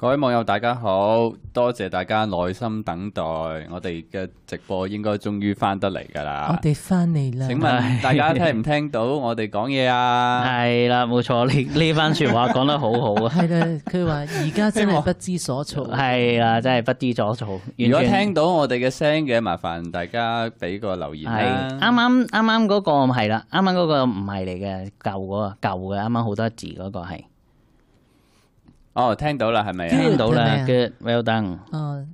各位網友大家好，多謝大家耐心等待，我哋嘅直播應該終於翻得嚟噶啦。我哋翻嚟啦。請問大家 聽唔聽到我哋講嘢啊？係啦，冇錯，呢呢番說話講 得好好啊。係啦， 佢話而家真係不知所措。係啦， 真係不知所措。如果聽到我哋嘅聲嘅，麻煩大家俾個留言啦。係，啱啱啱啱嗰個係啦，啱啱嗰個唔係嚟嘅，舊嗰個舊嘅，啱啱好多字嗰個係。哦，聽到啦，係咪？聽到啦，good，well done。哦，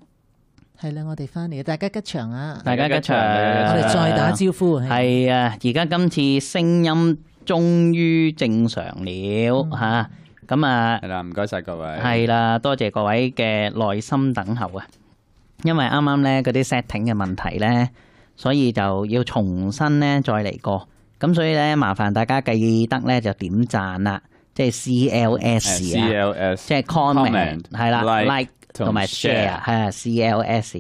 係啦，我哋翻嚟，大家吉祥啊！大家吉祥，我哋再打招呼。係啊，而家今次聲音終於正常了吓，咁啊，係啦，唔該晒各位，係啦，多謝各位嘅耐心等候啊！因為啱啱咧嗰啲 setting 嘅問題咧，所以就要重新咧再嚟過，咁所以咧麻煩大家記得咧就點讚啦。即係 C L S 啊，即係 comment 係啦，like 同埋 share 啊，係 C L S。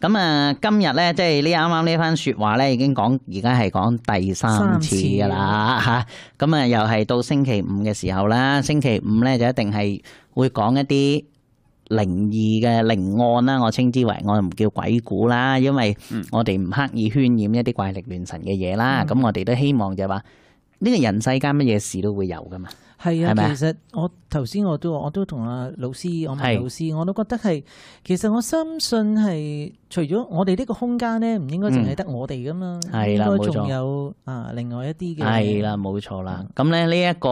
咁啊，今日咧，即係呢啱啱呢番説話咧，已經講而家係講第三次噶啦吓。咁啊，又係到星期五嘅時候啦，星期五咧就一定係會講一啲靈異嘅靈案啦。我稱之為，我唔叫鬼故啦，因為我哋唔刻意渲染一啲怪力亂神嘅嘢啦。咁我哋都希望就係話，呢個人世間乜嘢事都會有噶嘛。係啊，其實我頭先我都我都同阿老師，我唔係老師，我都覺得係，其實我深信係，除咗我哋呢個空間咧，唔應該淨係得我哋噶嘛，應該仲有啊另外一啲嘅。係啦，冇錯啦。咁咧呢一個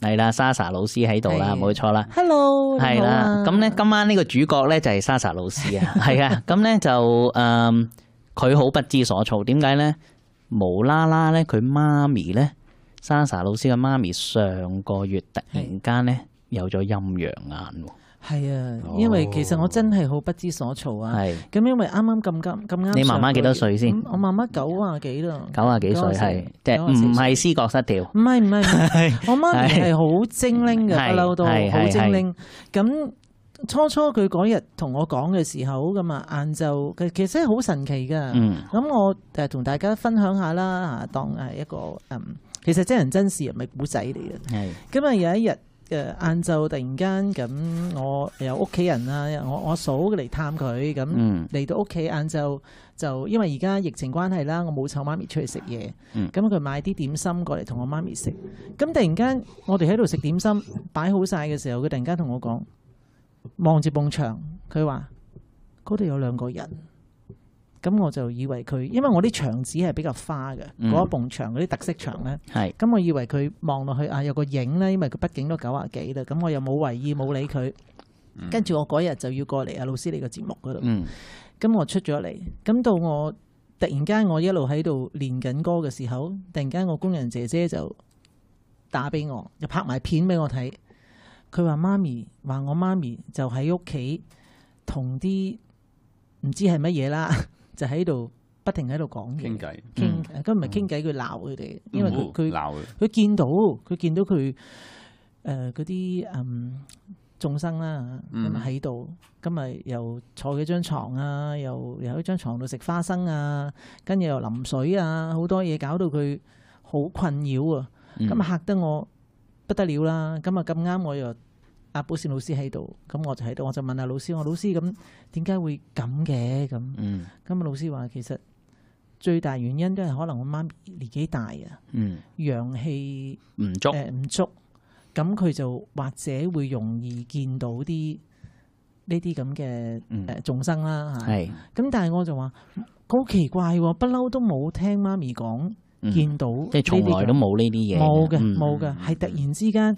係啦，莎莎老師喺度啦，冇錯啦。Hello，係啦。咁咧今晚呢個主角咧就係莎莎老師啊，係啊。咁咧就誒，佢好不知所措，點解咧？無啦啦咧，佢媽咪咧？莎莎老師嘅媽咪上個月突然間咧有咗陰陽眼喎，係啊，因為其實我真係好不知所措啊。係咁，因為啱啱咁急咁啱，你媽媽幾多歲先？我媽媽九啊幾啦，九啊幾歲係即係唔係思覺失調？唔係唔係，我媽咪係好精靈嘅，不嬲都好精靈。咁初初佢嗰日同我講嘅時候，咁啊晏晝嘅，其實係好神奇㗎。咁我誒同大家分享下啦，嚇當係一個嗯。其實真人真事唔係古仔嚟嘅。係咁啊，是的 有一日誒晏晝突然間咁，我有屋企人啦，我我嫂嚟探佢，咁嚟到屋企晏晝，就因為而家疫情關係啦，我冇湊媽咪出去食嘢。的嗯。咁佢買啲點心過嚟同我媽咪食。咁突然間我哋喺度食點心，擺好晒嘅時候，佢突然間同我講，望住埲牆，佢話嗰度有兩個人。咁我就以為佢，因為我啲牆紙係比較花嘅嗰、嗯、一埲牆嗰啲特色牆咧。咁是我以為佢望落去啊，有個影咧，因為佢畢竟都九啊幾啦。咁我又冇懷疑冇理佢，跟住、嗯、我嗰日就要過嚟啊，老師你個節目嗰度。咁、嗯、我出咗嚟，咁到我，到我突然間我一路喺度練緊歌嘅時候，突然間我工人姐姐就打俾我，就拍埋片俾我睇。佢話：媽咪話我媽咪就喺屋企同啲唔知係乜嘢啦。 就喺度不停喺度講嘢，傾偈天，傾、嗯。今日傾偈佢鬧佢哋，嗯、因為佢佢佢見到佢見到佢誒嗰啲誒眾生啦、啊，咁啊喺度，咁啊又坐佢張床啊，又又喺張床度食花生啊，跟住又淋水啊，好多嘢搞到佢好困擾啊，咁、嗯、嚇得我不得了啦，咁啊咁啱我又。阿寶善老師喺度，咁我就喺度，我就問阿老師：我老師咁點解會咁嘅？咁咁啊，老師話其實最大原因都係可能我媽咪年紀大啊，嗯、陽氣唔足，誒唔、呃、足，咁佢就或者會容易見到啲呢啲咁嘅誒眾生啦嚇。咁係但係我就話好奇怪喎，不嬲都冇聽媽咪講、嗯、見到、嗯，即係從來都冇呢啲嘢，冇嘅冇嘅，係、嗯、突然之間。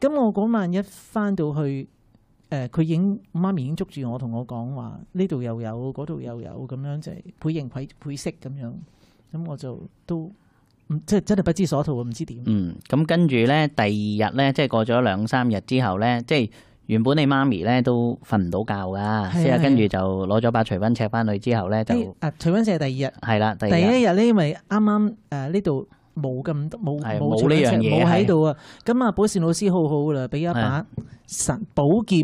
咁我嗰晚一翻到去，誒佢已經媽咪已經捉住我，我，同我講話呢度又有，嗰度又有，咁樣就配型配配色咁樣，咁我就都唔即係真係不知所措，唔知點，嗯，咁跟住咧，第二日咧，即係過咗兩三日之後咧，即係原本你媽咪咧都瞓唔到覺噶，之後跟住就攞咗把除蚊尺翻去之後咧就啊，除蚊尺係第二日係啦，第一日咧因為啱啱誒呢度。啊冇咁冇冇呢樣嘢冇喺度啊！咁啊， 寶善老師好好啦，俾一把神寶劍，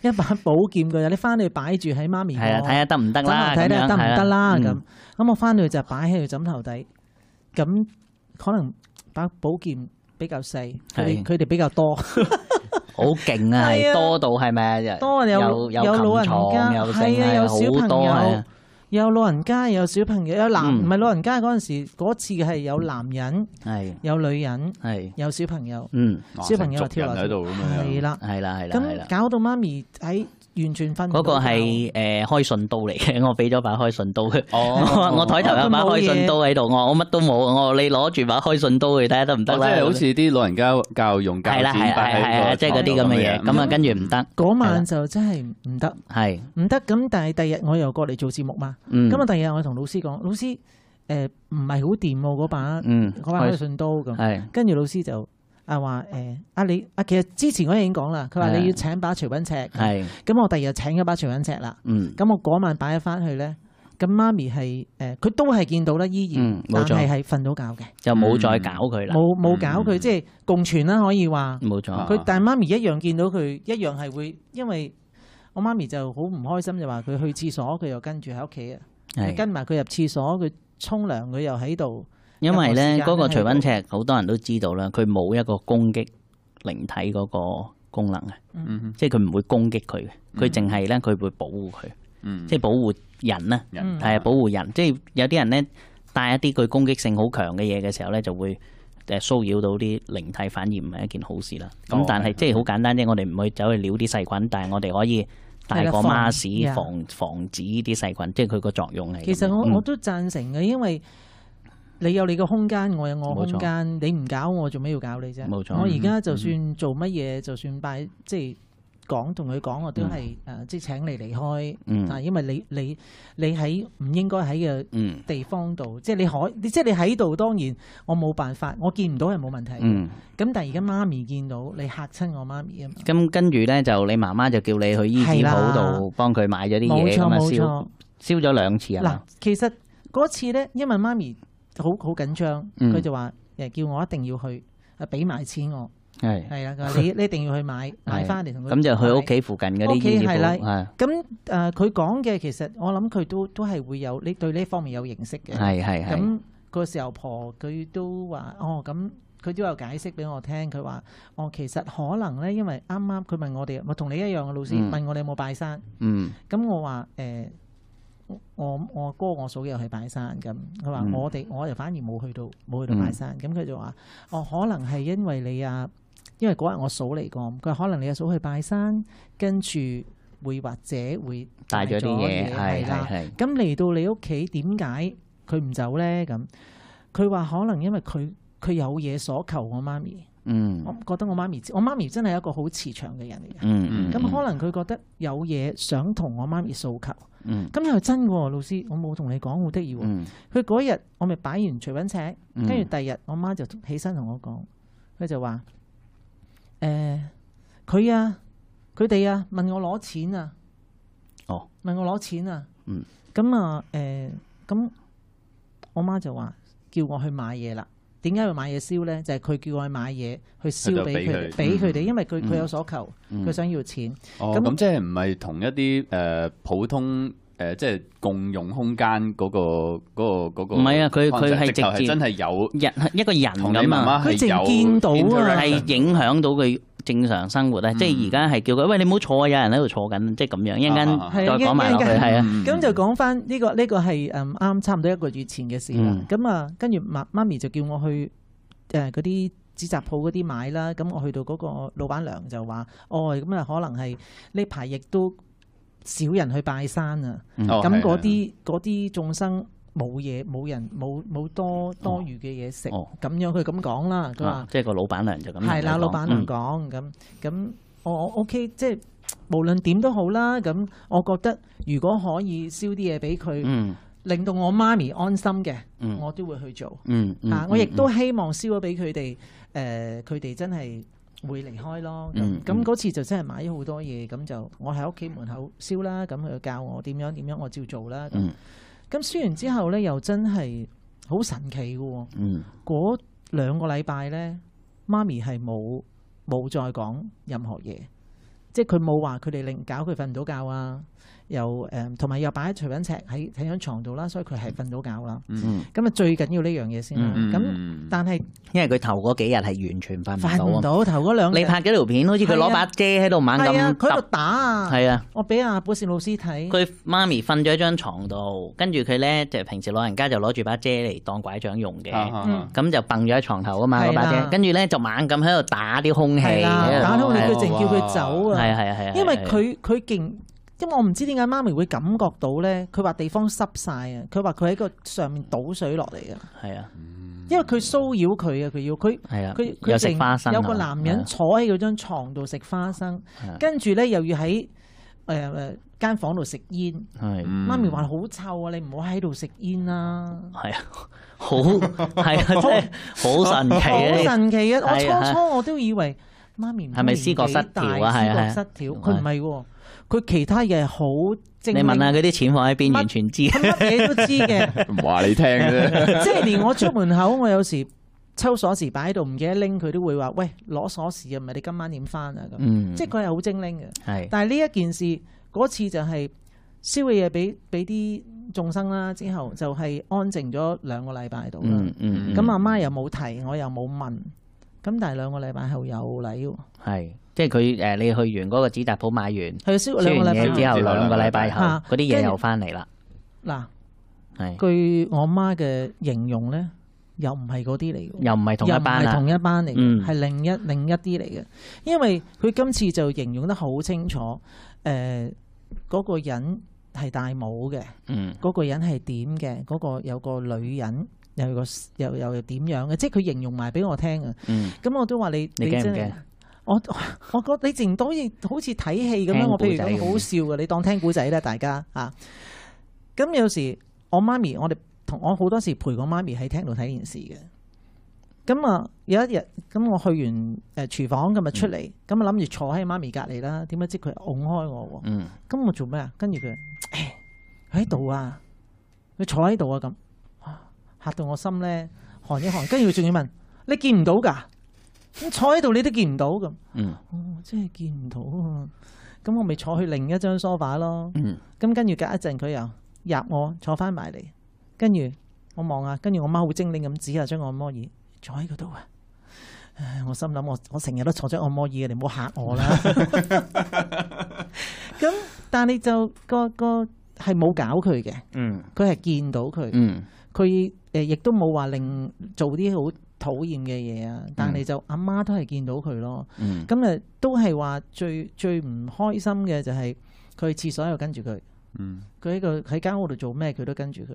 一把寶劍佢， 你翻去擺住喺媽咪。係啊， 睇下得唔得啦？睇睇下得唔得啦？咁咁、嗯嗯嗯、我翻去就擺喺佢枕頭底。咁可能把寶劍比較細，佢哋 比較多，好勁啊！ 啊多到係咩？多多有，有，有老人家，係啊，有小朋友。 有老人家，有小朋友，有男唔係、嗯、老人家嗰陣時嗰次係有男人，係的有女人，係的有小朋友，嗯，小朋友跳落去度，係啦的，係啦，係啦，咁搞到媽咪喺。完全分嗰個係誒開信刀嚟嘅，我俾咗把開信刀嘅。我我抬頭有把開信刀喺度，我我乜都冇。我你攞住把開信刀去睇下得唔得咧？即係好似啲老人家教用教子擺喺個房度嘅咁啊，跟住唔得。嗰晚就真係唔得，係唔得。咁但係第二日我又過嚟做節目嘛。咁啊，第二日我同老師講，老師誒唔係好掂喎嗰把嗰把開信刀咁。跟住老師就。啊話誒啊你啊其實之前我已經講啦，佢話你要請把除菌尺，咁我第二日請咗把除菌尺啦。咁我嗰晚擺咗返去咧，咁媽咪係誒佢都係見到啦，依然，但係係瞓到覺嘅，就冇再搞佢啦。冇冇搞佢，即係共存啦，可以話。冇錯。佢但係媽咪一樣見到佢，一樣係會，因為我媽咪就好唔開心，就話佢去廁所，佢又跟住喺屋企啊，跟埋佢入廁所，佢沖涼，佢又喺度。因為咧，嗰個除菌尺好多人都知道啦，佢冇一個攻擊靈體嗰個功能嘅，嗯、哼即係佢唔會攻擊佢嘅，佢淨係咧佢會保護佢，嗯、即係保護人啦，係啊保護人。即係有啲人咧帶一啲佢攻擊性好強嘅嘢嘅時候咧，就會誒騷擾到啲靈體，反而唔係一件好事啦。咁、哦、但係即係好簡單啫，嗯、我哋唔會走去撩啲細菌，但係我哋可以帶個孖士防防止呢啲細菌，即係佢個作用係。其實我我都贊成嘅，因為。你有你個空間，我有我空間。你唔搞我，做咩要搞你啫？冇錯。我而家就算做乜嘢，就算拜即係講同佢講，我都係誒，即係請你離開啊，因為你你你喺唔應該喺嘅地方度，即係你可，即係你喺度當然我冇辦法，我見唔到係冇問題嘅。咁但係而家媽咪見到你，嚇親我媽咪啊嘛。咁跟住咧就你媽媽就叫你去醫保度幫佢買咗啲嘢咁啊，燒燒咗兩次啊嗱，其實嗰次咧，因為媽咪。好好緊張，佢就話：誒叫我一定要去，啊俾埋錢我，係係啦，佢話你你一定要去買買翻嚟同佢。咁就去屋企附近嗰啲廟。屋企係啦，咁誒佢講嘅其實我諗佢都都係會有呢對呢方面有認識嘅。係係係。咁個時候婆佢都話：哦，咁佢都有解釋俾我聽，佢話：哦，其實可能咧，因為啱啱佢問我哋，我同你一樣嘅老師問我哋有冇拜山。嗯。咁我話誒。我我哥我嫂又去拜山咁，佢話我哋、嗯、我就反而冇去到冇去到拜山。咁佢、嗯、就話哦，可能係因為你啊，因為嗰日我嫂嚟過，佢話可能你阿嫂去拜山，跟住會或者會帶咗啲嘢，係啦。咁嚟、哎哎哎哎、到你屋企，點解佢唔走咧？咁佢話可能因為佢佢有嘢所求我媽咪，嗯，我覺得我媽咪我媽咪真係一個好慈祥嘅人嚟嘅、嗯，嗯嗯。咁可能佢覺得有嘢想同我媽咪訴求。嗯，咁又真喎，老師，我冇同你講好得意喎。嗯，佢嗰日我咪擺完除允尺，跟住第二日我媽就起身同我講，佢就話：誒，佢啊，佢哋啊，問我攞錢啊。哦。問我攞錢啊。嗯。咁啊誒，咁我媽就話叫我去買嘢啦。點解要買嘢燒咧？就係佢叫我去買嘢去燒俾佢，俾佢哋，因為佢佢有所求，佢想要錢。咁即係唔係同一啲誒普通？誒，即係共用空間嗰、嗰個、嗰個唔係啊，佢佢係直接直真係有人一個人咁啊，佢直見到啊，係影響到佢正常生活啊！嗯、即係而家係叫佢，喂，你唔好坐啊！有人喺度坐緊，即係咁樣一陣間再講埋落去。係啊，咁就講翻呢個呢個係誒啱差唔多一個月前嘅事啦。咁啊，啊啊啊啊啊啊跟住媽媽咪就叫我去誒嗰啲紙雜鋪嗰啲買啦。咁我去到嗰個老闆娘就話：哦，咁啊可能係呢排亦都。少人去拜山啊！咁嗰啲嗰啲眾生冇嘢冇人冇冇多多餘嘅嘢食，咁樣佢咁講啦，佢話即係個老闆娘就咁講。係啦，老闆娘講咁咁，我我 OK，即係無論點都好啦。咁我覺得如果可以燒啲嘢俾佢，嗯、令到我媽咪安心嘅，嗯、我都會去做。嗯嗯，嗯嗯嗯嗯嗯啊、我亦都希望燒咗俾佢哋。誒、呃，佢哋真係。會離開咯，咁嗰次就真係買咗好多嘢，咁就、嗯、我喺屋企門口燒啦，咁佢就教我點樣點樣，我照做啦。咁燒、嗯、完之後呢，又真係好神奇嘅喎。嗰、嗯、兩個禮拜呢，媽咪係冇冇再講任何嘢，即係佢冇話佢哋令搞佢瞓唔到覺啊。又誒，同埋又擺喺徐允尺，喺喺喺牀度啦，所以佢係瞓到覺啦。嗯，咁啊最緊要呢樣嘢先啦。咁但係因為佢頭嗰幾日係完全瞓唔到啊，瞓唔到頭嗰兩日。你拍幾條片？好似佢攞把遮喺度猛咁。係啊，佢喺度打啊。係啊。我俾阿寶善老師睇。佢媽咪瞓咗一張床度，跟住佢咧就平時老人家就攞住把遮嚟當拐杖用嘅。啊咁就掟咗喺床頭啊嘛，把遮。跟住咧就猛咁喺度打啲空氣。打空氣，佢淨叫佢走啊。係啊，係啊，係啊。因為佢佢勁。因為我唔知點解媽咪會感覺到咧？佢話地方濕晒，啊！佢話佢喺個上面倒水落嚟啊！係、嗯、啊，因為佢騷擾佢啊！佢要佢佢佢成有個男人坐喺嗰張牀度食花生，啊、跟住咧又要喺誒誒間房度食煙。係媽咪話好臭啊！嗯、媽媽臭，你唔好喺度食煙啦。係啊，好係啊，即係好神奇好神奇啊！我初初我都以為媽咪係咪思覺失調啊？係啊，失調佢唔係佢其他嘢好精，你問下佢啲錢放喺邊，完全知，乜嘢都知嘅。唔話 你聽啫，即係連我出門口，我有時抽鎖匙擺喺度，唔記得拎，佢都會話：喂、嗯嗯，攞鎖匙啊！唔係你今晚點翻啊？咁，即係佢係好精靈嘅。係，但係呢一件事嗰次就係燒嘅嘢俾俾啲眾生啦，之後就係、是、安靜咗兩個禮拜度，咁阿媽又冇提，我又冇問，咁但係兩個禮拜後有禮。係。即係佢誒，你去完嗰個紙紮舖買完，燒嘢，啊、之後兩個禮拜後，嗰啲嘢又翻嚟啦。嗱，係據我媽嘅形容咧，又唔係嗰啲嚟嘅，是又唔係同一班啦，唔係同一班嚟嘅，係、啊嗯、另一另一啲嚟嘅。因為佢今次就形容得好清楚，誒、呃、嗰、那個人係戴帽嘅，嗯，嗰個人係點嘅，嗰、那個有個女人，有個又又點樣嘅，即係佢形容埋俾我聽啊。嗯，咁我都話你你驚唔驚？oting 分手我 我覺得你成日都好似好似睇戲咁樣，我譬如好好笑噶你當聽古仔啦，大家吓。咁 有時我媽咪，我哋同我好多時陪我媽咪喺廳度睇電視嘅。咁啊，有一日咁我去完誒廚房，咁咪出嚟，咁咪諗住坐喺媽咪隔籬啦。點不知佢㧬開我，嗯，咁我做咩、哎、啊？跟住佢喺度啊，佢坐喺度啊，咁吓到我心咧寒一寒。跟住佢仲要問 你見唔到噶？坐喺度你都見唔到咁，哦、真到我真係見唔到啊！咁我咪坐去另一張梳化囉。咁跟住隔一陣佢又入我坐翻埋嚟，跟住我望啊，跟住我媽好精靈咁指啊張按摩椅坐喺嗰度啊！唉，我心諗，我我成日都坐喺按摩椅啊，你唔好吓我啦。咁、嗯、 但係就、那個個係冇搞佢嘅，嗯，佢係見到佢，嗯，佢誒亦都冇話令做啲好。討厭嘅嘢啊，但係就阿媽都係見到佢咯。咁誒，都係話最最唔開心嘅就係佢廁所喺度跟住佢。佢喺、嗯、個喺間屋度做咩，佢都跟住佢。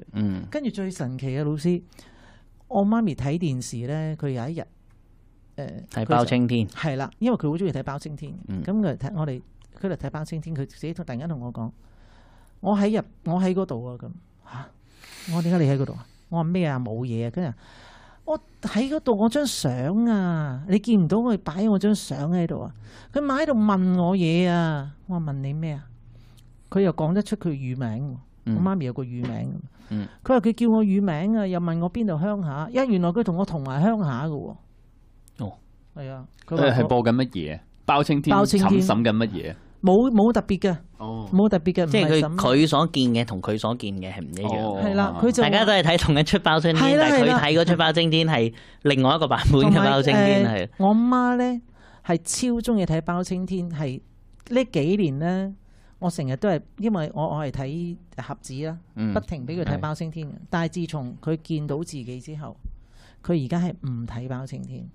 跟住、嗯、最神奇嘅老師，我媽咪睇電視咧，佢有一日誒，睇包青天係啦，因為佢好中意睇包青天。咁佢睇我哋，佢嚟睇包青天，佢、嗯、自己突然間同我講：我喺入，我喺嗰度啊！咁、啊、吓，我點解你喺嗰度啊？我話咩啊，冇嘢啊，跟住。我喺嗰度，我張相啊，你見唔到佢擺我張相喺度啊？佢埋喺度問我嘢啊，我話問你咩啊？佢又講得出佢乳名，嗯、我媽咪有個乳名，佢話佢叫我乳名啊，又問我邊度鄉下，一原來佢同我同埋鄉下噶喎，係啊、哦，佢係、呃、播緊乜嘢？包青天審審緊乜嘢？冇冇特別嘅，冇特別嘅，即係佢佢所見嘅同佢所見嘅係唔一樣。係啦，佢大家都係睇同一出包青天，哦、但係佢睇嗰出包青天係另外一個版本嘅包青天係。我媽咧係超中意睇包青天，係、呃、呢幾年咧，我成日都係因為我我係睇盒子啦，嗯、不停俾佢睇包青天嘅。是的 但係自從佢見到自己之後，佢而家係唔睇包青天，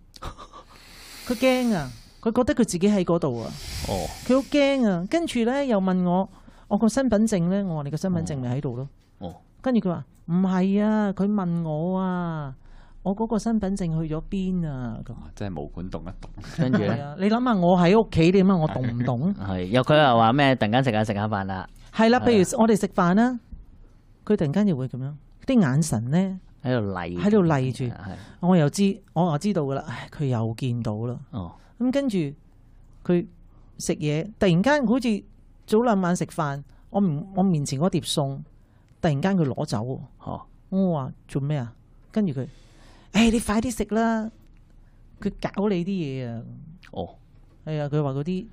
佢驚啊！佢覺得佢自己喺嗰度啊！哦，佢好驚啊！跟住咧又問我：我個身份證咧，我話你個身份證咪喺度咯。跟住佢話唔係啊！佢問我啊，我嗰個身份證去咗邊啊？咁、哦、真係毛管動一動，跟住咧，你諗下我喺屋企點啊？我動唔動？係又佢又話咩？突然間食下食下飯啦！係啦，譬如我哋食飯啦，佢突然間又會咁樣，啲眼神咧喺度睨，喺度睨住，我又知我又知道噶啦，佢又見到啦。咁跟住佢食嘢，突然間好似早兩晚食飯，我唔我面前嗰碟餸，突然間佢攞走，嚇、hey, 哦！我話做咩啊？跟住佢，誒你快啲食啦！佢搞你啲嘢啊！哦，係啊！佢話嗰啲，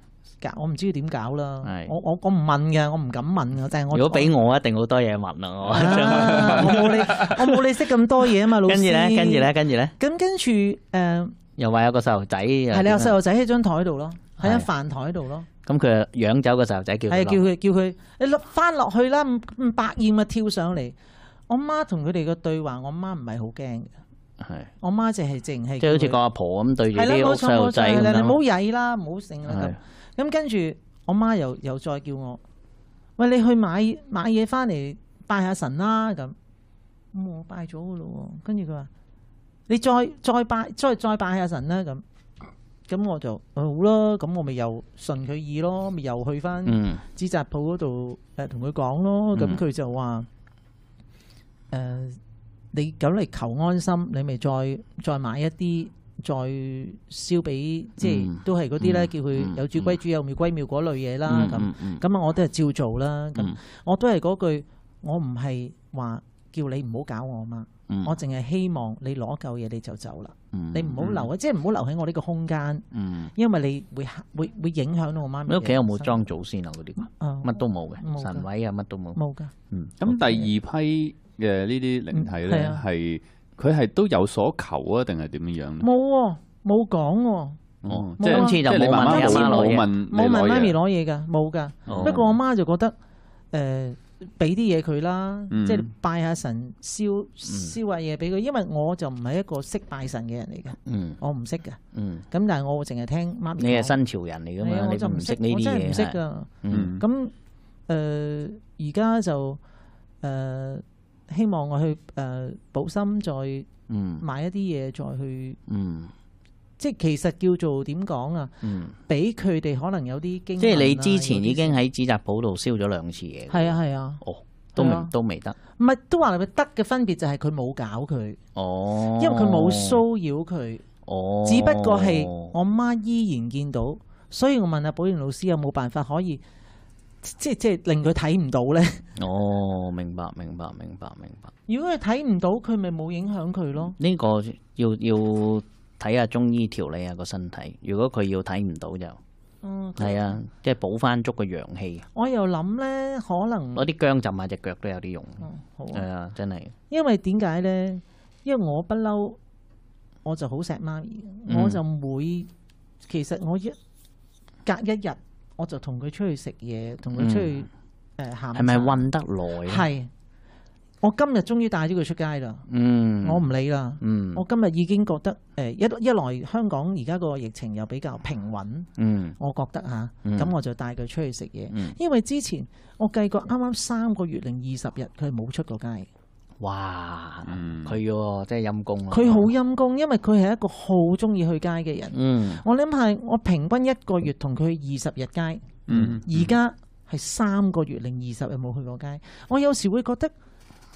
我唔知要點搞啦。我我我唔問㗎，我唔敢問㗎。但係我如果俾我，我，我一定好多嘢問啦、嗯啊， 我 我冇你識咁多嘢啊嘛，老師跟住咧，跟住咧，跟住咧。咁跟住誒。 又話有個細路仔，係你個細路仔喺張台度咯，喺飯台度咯。咁佢養走個細路仔，叫係叫佢叫佢，你落翻落去啦，唔百厭啊跳上嚟。我媽同佢哋個對話，我媽唔係好驚嘅。係的，我媽淨係靜氣。即係好似個阿婆咁對住啲細路仔咁咯。唔好曳啦，唔好剩啦咁。咁跟住我媽又又再叫我，喂你去買買嘢翻嚟拜下神啦咁、嗯。我拜咗嘅咯喎，跟住佢話。你再再拜再再拜下神啦，咁咁我就好咯，咁我咪又順佢意咯，咪又去翻紙紮舖嗰度誒同佢講咯，咁佢、嗯、就話誒、呃、你咁嚟求安心，你咪再再買一啲再燒俾，即係都係嗰啲咧叫佢有主歸主，有廟歸廟嗰類嘢啦，咁咁啊我都係照做啦，咁、嗯、我都係嗰句，我唔係話叫你唔好搞我嘛。我淨係希望你攞夠嘢你就走啦，你唔好留啊，即係唔好留喺我呢個空間，因為你會會會影響到我媽咪。你屋企有冇裝祖先啊嗰啲？啊，乜都冇嘅，神位啊乜都冇。冇㗎。嗯，咁第二批嘅呢啲靈體咧，係佢係都有所求啊，定係點樣咧？冇喎，冇講喎。哦，即係即係你冇問媽媽攞嘢，冇問媽咪攞嘢㗎，冇㗎。不過我媽就覺得，誒。俾啲嘢佢啦，即係拜下神燒，嗯、燒燒下嘢俾佢。因為我就唔係一個識拜神嘅人嚟嘅，嗯、我唔識嘅。咁、嗯、但係我淨係聽媽咪。你係新潮人嚟噶嘛？我就你就唔識呢啲嘢啦。咁、呃、誒，而家就誒希望我去誒補、呃、心，再買一啲嘢再去。嗯嗯即係其實叫做點講啊？俾佢哋可能有啲驚。即係你之前已經喺紙紮舖度燒咗兩次嘢。係啊係啊。哦，都未、啊、都未得。唔係都話佢得嘅，分別就係佢冇搞佢。哦。因為佢冇騷擾佢。哦。只不過係我媽依然見到，哦、所以我問下寶善老師有冇辦法可以，即係即係令佢睇唔到咧。哦，明白明白明白明白。明白明白，如果佢睇唔到，佢咪冇影響佢咯。呢個要要。睇下中醫調理下個身體，如果佢要睇唔到就，嗯 Okay, 看，係啊，即係補翻足個陽氣。我又諗呢，可能攞啲薑浸下隻腳都有啲用。哦，好。係啊，嗯、真係。因為點解呢？因為我不嬲，我就好錫媽咪，嗯、我就每其實我一隔一日我就同佢出去食嘢，同佢、嗯、出去誒行。係咪運得耐啊？係。我今日終於帶咗佢出街啦！我唔理啦。我今日已經覺得誒一一來香港而家個疫情又比較平穩，我覺得吓咁我就帶佢出去食嘢。因為之前我計過啱啱三個月零二十日佢冇出過街，哇！佢喎真係陰功。佢好陰功，因為佢係一個好鍾意去街嘅人。我諗係我平均一個月同佢二十日街，而家係三個月零二十日冇去過街。我有時會覺得，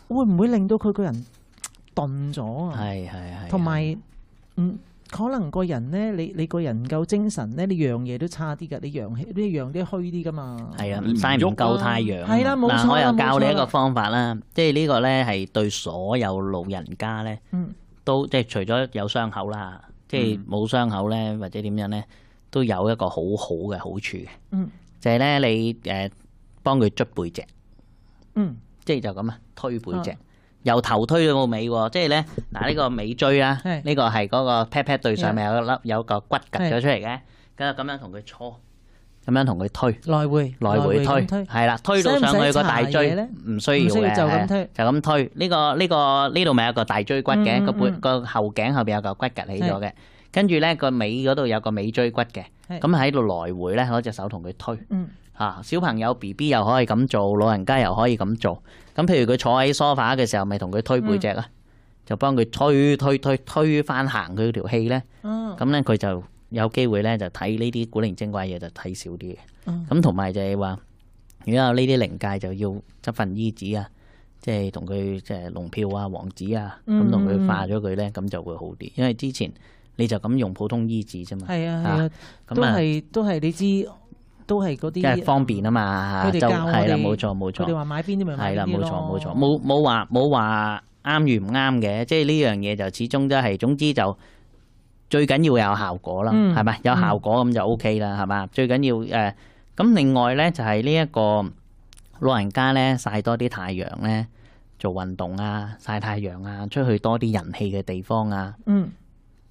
會唔會令到佢個人鈍咗啊？係係係，同埋嗯可能個人咧，你你個人唔夠精神咧，你樣嘢都差啲噶，你陽氣你陽啲虛啲噶嘛？係啊，曬唔夠太陽。係啦，冇錯。嗱，我又教你一個方法啦，即係呢個咧係對所有老人家咧，都即係除咗有傷口啦，即係冇傷口咧或者點樣咧，都有一個好好嘅好處嘅。嗯，就係咧你誒幫佢捽背脊。嗯。即係就咁啊，推背脊，由頭推到尾喎。即係咧，嗱呢個尾椎啦，呢個係嗰個 pat pat 對上面有粒有個骨趷咗出嚟嘅，咁樣同佢搓，咁樣同佢推，來回來回推，係啦，推到上去個大椎，唔需要嘅，就咁推。呢個呢個呢度咪有個大椎骨嘅，個背個後頸後邊有嚿骨趷起咗嘅，跟住咧個尾嗰度有個尾椎骨嘅，咁喺度來回咧攞隻手同佢推。嗯。啊！小朋友 B B 又可以咁做，老人家又可以咁做。咁譬如佢坐喺梳化嘅時候，咪同佢推背脊啊，就幫佢推推推推翻行佢條氣咧。嗯。咁咧佢就有機會咧就睇呢啲古靈精怪嘢，就睇少啲嘅。咁同埋就係話，如果有呢啲靈界，就要執份醫紙啊，即係同佢即係龍票啊、黃紙啊，咁同佢化咗佢咧，咁就會好啲。因為之前你就咁用普通醫紙啫嘛。係啊係啊，都係都係你知。都係嗰啲，即係方便啊嘛，就係啦，冇錯冇錯，我哋話買邊啲咪買邊啲咯。係啦，冇錯冇錯，冇冇話冇話啱與唔啱嘅，即係呢樣嘢就始終都係，總之就最緊要有效果啦，係咪？有效果咁就 OK 啦，係嘛？最緊要誒，咁另外咧就係呢一個老人家咧曬多啲太陽咧，做運動啊，曬太陽啊，出去多啲人氣嘅地方啊。嗯。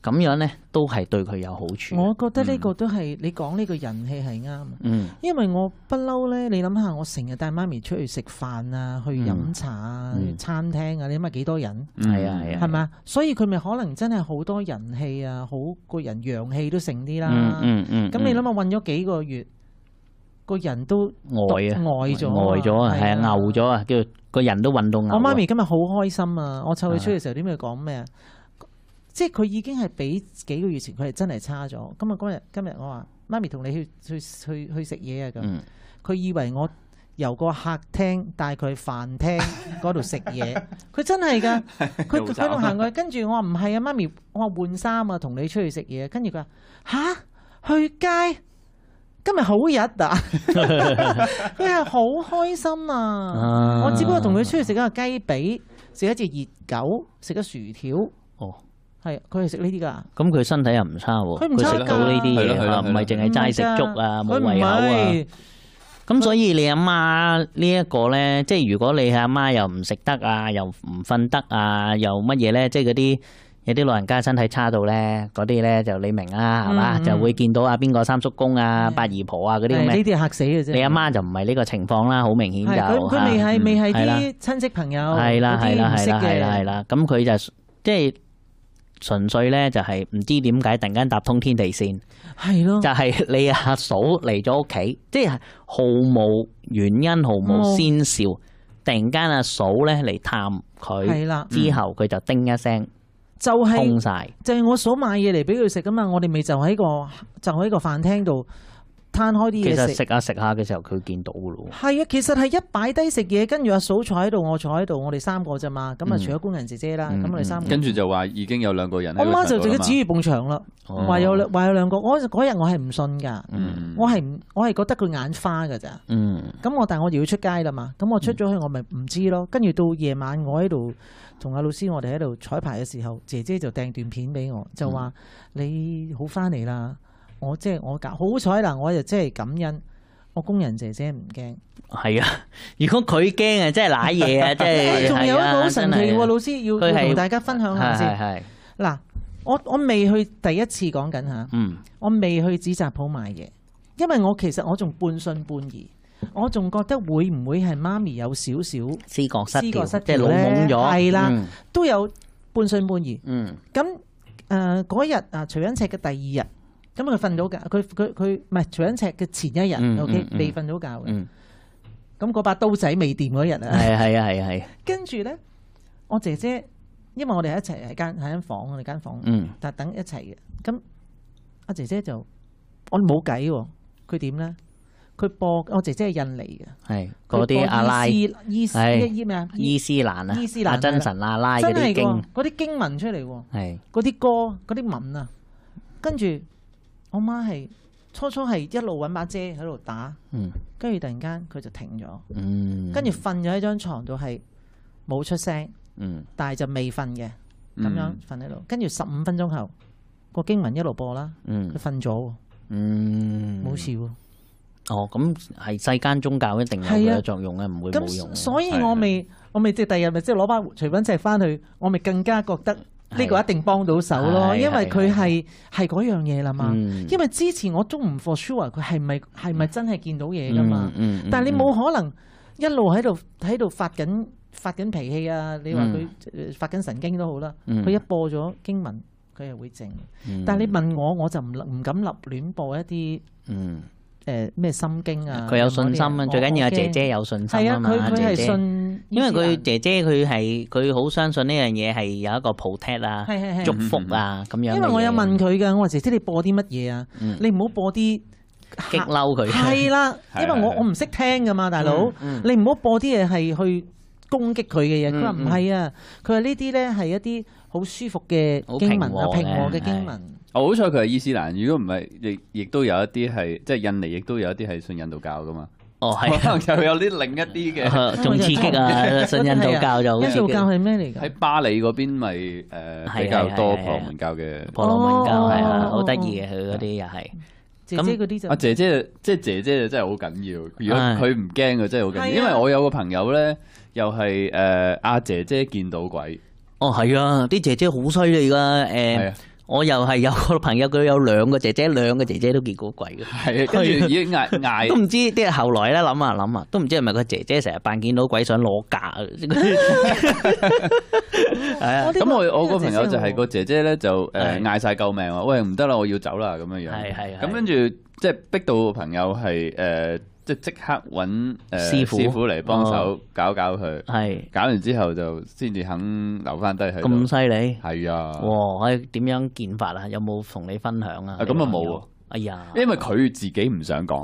咁樣咧，都係對佢有好處。我覺得呢個都係你講呢個人氣係啱。嗯，因為我不嬲咧，你諗下，我成日帶媽咪出去食飯啊，去飲茶啊，餐廳啊，你諗下幾多人？係啊係啊，係嘛？所以佢咪可能真係好多人氣啊，好個人陽氣都剩啲啦。嗯嗯嗯。咁你諗下，困咗幾個月，個人都呆啊，呆咗，呆咗啊，係啊，牛咗啊，叫個人都運動。我媽咪今日好開心啊！我湊佢出去時候，點解講咩啊？即係佢已經係比幾個月前佢係真係差咗。今日日今日我話媽咪，同你去去去去食嘢啊，咁佢以為我由個客廳帶佢去飯廳嗰度食嘢，佢 真係噶，佢，佢度行過去。跟住我話唔係啊，媽咪，我話換衫啊同你出去食嘢，跟住佢話吓，去街，今日好日啊，佢係好開心啊。啊我只不過同佢出去食一個雞髀，食一隻熱狗，食咗薯條。係，佢係食呢啲噶。咁佢身體又唔差，佢食到呢啲嘢啦，唔係淨係齋食粥啊，冇胃口啊。咁所以你阿媽呢一個咧，即係如果你阿媽又唔食得啊，又唔瞓得啊，又乜嘢咧？即係嗰啲有啲老人家身體差到咧，嗰啲咧就你明啦，係嘛？就會見到啊，邊個三叔公啊、八姨婆啊嗰啲咁嘅。呢啲係吓死嘅啫。你阿媽就唔係呢個情況啦，好明顯就。佢佢未係未係啲親戚朋友，係啦係啦係啦係啦，咁佢就即係。純粹咧就係唔知點解突然間搭通天地線，係咯的，就係你阿嫂嚟咗屋企，即係毫無原因、毫無先兆，突然間阿嫂咧嚟探佢，的之後佢就叮一聲，就係通晒。就係、是、了我嫂買嘢嚟俾佢食噶嘛，我哋咪就喺個就喺個飯廳度。攤開啲嘢食，食下食下嘅時候，佢見到嘅咯。係啊，其實係一擺低食嘢，跟住阿嫂坐喺度，我坐喺度，我哋三個咋嘛。咁啊，除咗工人姐姐啦，咁我哋三個。跟住就話已經有兩個人。我媽，媽就直接指住埲牆咯，話、哦、有兩有兩個。我嗰日、嗯、我係唔信㗎，我係唔我係覺得佢眼花㗎咋。咁我但係我要出街啦嘛，咁我出咗去我咪唔知咯。跟住到夜晚我喺度同阿老師我哋喺度彩排嘅時候，姐姐就掟段片俾我，就話你好翻嚟啦。我即係我搞好彩啦！我就即係感恩我工人姐姐唔驚，係啊。 如果佢驚啊，即係瀨嘢啊，即係仲有一個好神奇， 老師要同是大家分享下先。嗱是，我我未去第一次講緊吓，嗯，我未去紙紮舖買嘢，因為我其實我仲半信半疑，我仲覺得會唔會係媽咪有少少思覺失調，即係老懵咗係啦，都有半信半疑。嗯，咁誒嗰日啊，除緊赤嘅第二日。咁佢瞓咗覺，佢佢佢唔係徐欣赤嘅前一日，O K，未瞓咗覺嘅。咁嗰把刀仔未掂嗰日啊，係啊係啊係啊係啊！跟住咧，我姐姐因為我哋一齊喺間喺間房，我哋間房，但等一齊嘅。咁我姐姐就我冇計喎，佢點咧？佢播我姐姐係印尼嘅，係嗰啲阿拉伊斯伊斯咩啊？伊斯蘭啊，伊斯蘭真神阿拉嗰啲經，嗰啲經文出嚟喎，係嗰啲歌嗰啲文啊，跟住。我媽係初初係一路揾把遮喺度打，跟住突然間佢就停咗，跟住瞓咗喺張床度係冇出聲，但係就未瞓嘅咁樣瞓喺度。跟住十五分鐘後，個經文一路播啦，佢瞓咗喎，冇事喎、嗯嗯。哦，咁、哦、係世間宗教一定有作用嘅，唔、啊、會冇用。所以我咪是、啊、我咪即係第日咪即係攞把除身尺翻去，我咪更加覺得。呢個一定幫到手咯，因為佢係係嗰樣嘢啦嘛。因為之前我都唔 for sure 佢係咪係咪真係見到嘢㗎嘛。但係你冇可能一路喺度喺度發緊發緊脾氣啊！你話佢發緊神經都好啦。佢一播咗經文，佢又會靜。但係你問我，我就唔唔敢立亂播一啲。誒，咩心經啊？佢有信心啊，最緊要阿姐姐有信心啊嘛。係啊，佢佢係信。因為佢姐姐佢係佢好相信呢樣嘢，係有一個普貼啦，祝福啊咁樣。因為我有問佢噶，我話姐姐你播啲乜嘢啊？你唔好播啲激嬲佢。係啦，因為我我唔識聽噶嘛，大佬，你唔好播啲嘢係去攻擊佢嘅嘢。佢話唔係啊，佢話呢啲咧係一啲好舒服嘅經文啊，平和嘅經文。好彩佢係伊斯蘭，如果唔係，亦亦都有一啲係，即係印尼，亦都有一啲係信印度教噶嘛。哦，係，可能又有啲另一啲嘅，仲刺激啊！信印度教就好刺激。印度教係咩嚟噶？喺巴黎嗰邊咪誒比較多婆羅門教嘅，婆羅門教係啊，好得意嘅佢嗰啲又係。咁啲阿姐姐，即係姐姐，真係好緊要。如果佢唔驚佢真係好緊要。因為我有個朋友咧，又係誒阿姐姐見到鬼。哦，係啊，啲姐姐好犀利噶，誒。我又係有個朋友，佢有兩個姐姐，兩個姐姐都見過鬼嘅。係啊，佢已經嗌嗌，都唔知即係後來咧諗下諗下，都唔知係咪個姐姐成日扮見到鬼想攞架啊？係啊、哦，咁我我個朋友就係個姐姐咧，就誒嗌晒救命啊！喂，唔得啦，我要走啦咁樣樣。係係。咁跟住即係逼到朋友係誒。即即刻揾誒、呃、師傅師傅嚟幫手搞搞佢，係、哦、搞完之後就先至肯留翻低去。咁犀利係啊！哇、哦！我點樣見法啊？有冇同你分享啊？咁啊冇喎！哎呀，因為佢自己唔想講，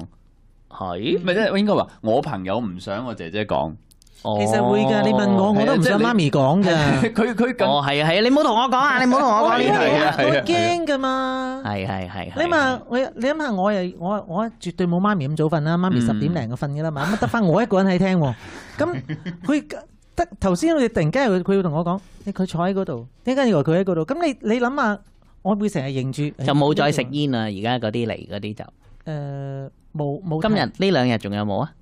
係咪即應該話我朋友唔想我姐姐講。其實會噶，你問我我都唔想媽咪講噶。佢佢咁係啊係啊，你唔好同我講啊，你唔好同我講呢啲啊，我驚噶嘛。係係係。你問我，你諗下我又我我絕對冇媽咪咁早瞓啦，媽咪十點零我瞓噶啦嘛，得返我一個人喺廳。咁佢得頭先我哋突然間佢佢會同我講，佢坐喺嗰度，突然間以為佢喺嗰度。咁你你諗下，我會成日認住。就冇再食煙啦，而家嗰啲嚟嗰啲就誒冇冇。今日呢兩日仲有冇啊？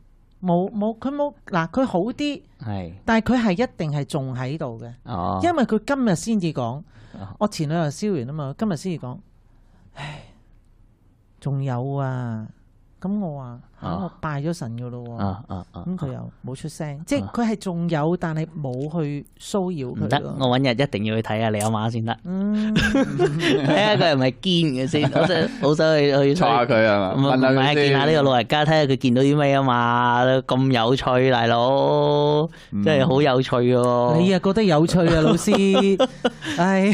冇冇，佢冇嗱，佢好啲，係。但係佢係一定係仲喺度嘅，哦、因為佢今日先至講，我前兩日燒完啊嘛，今日先至講，唉，仲有啊。咁我話，我拜咗神噶咯，咁佢又冇出聲，即係佢係仲有，但係冇去騷擾佢咯。唔得，我揾日一定要去睇下你阿媽先得。睇下佢係咪堅嘅先，好想好想去去。坐下佢係嘛？唔係見下呢個老人家，睇下佢見到啲咩啊嘛，咁有趣，大佬真係好有趣嘅。你啊覺得有趣啊，老師，唉，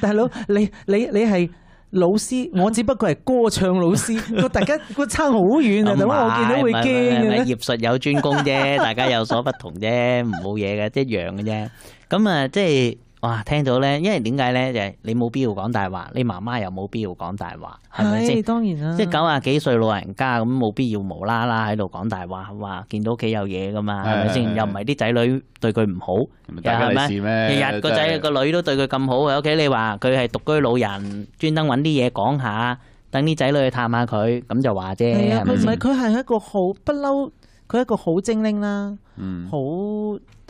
大佬你你你係。老師，我只不過係歌唱老師，個大家個差好遠 啊！點買解我看見到會驚嘅咧？業術有專攻啫， 大家有所不同啫，唔好嘢嘅一樣嘅啫。咁啊，即係。哇！聽到咧，因為點解咧？就係你冇必要講大話，你媽媽又冇必要講大話，係咪先？當然啦！即係九十幾歲老人家咁，冇必要無啦啦喺度講大話，話見到屋企有嘢噶嘛，係咪先？係係係，又唔係啲仔女對佢唔好，又係咩？係係日日個仔個女都對佢咁好屋企係係、okay，你話佢係獨居老人，專登揾啲嘢講下，等啲仔女去探下佢，咁就話啫。係啊，佢唔係佢係一個好不嬲，佢係、嗯、一個好精靈啦，嗯，好。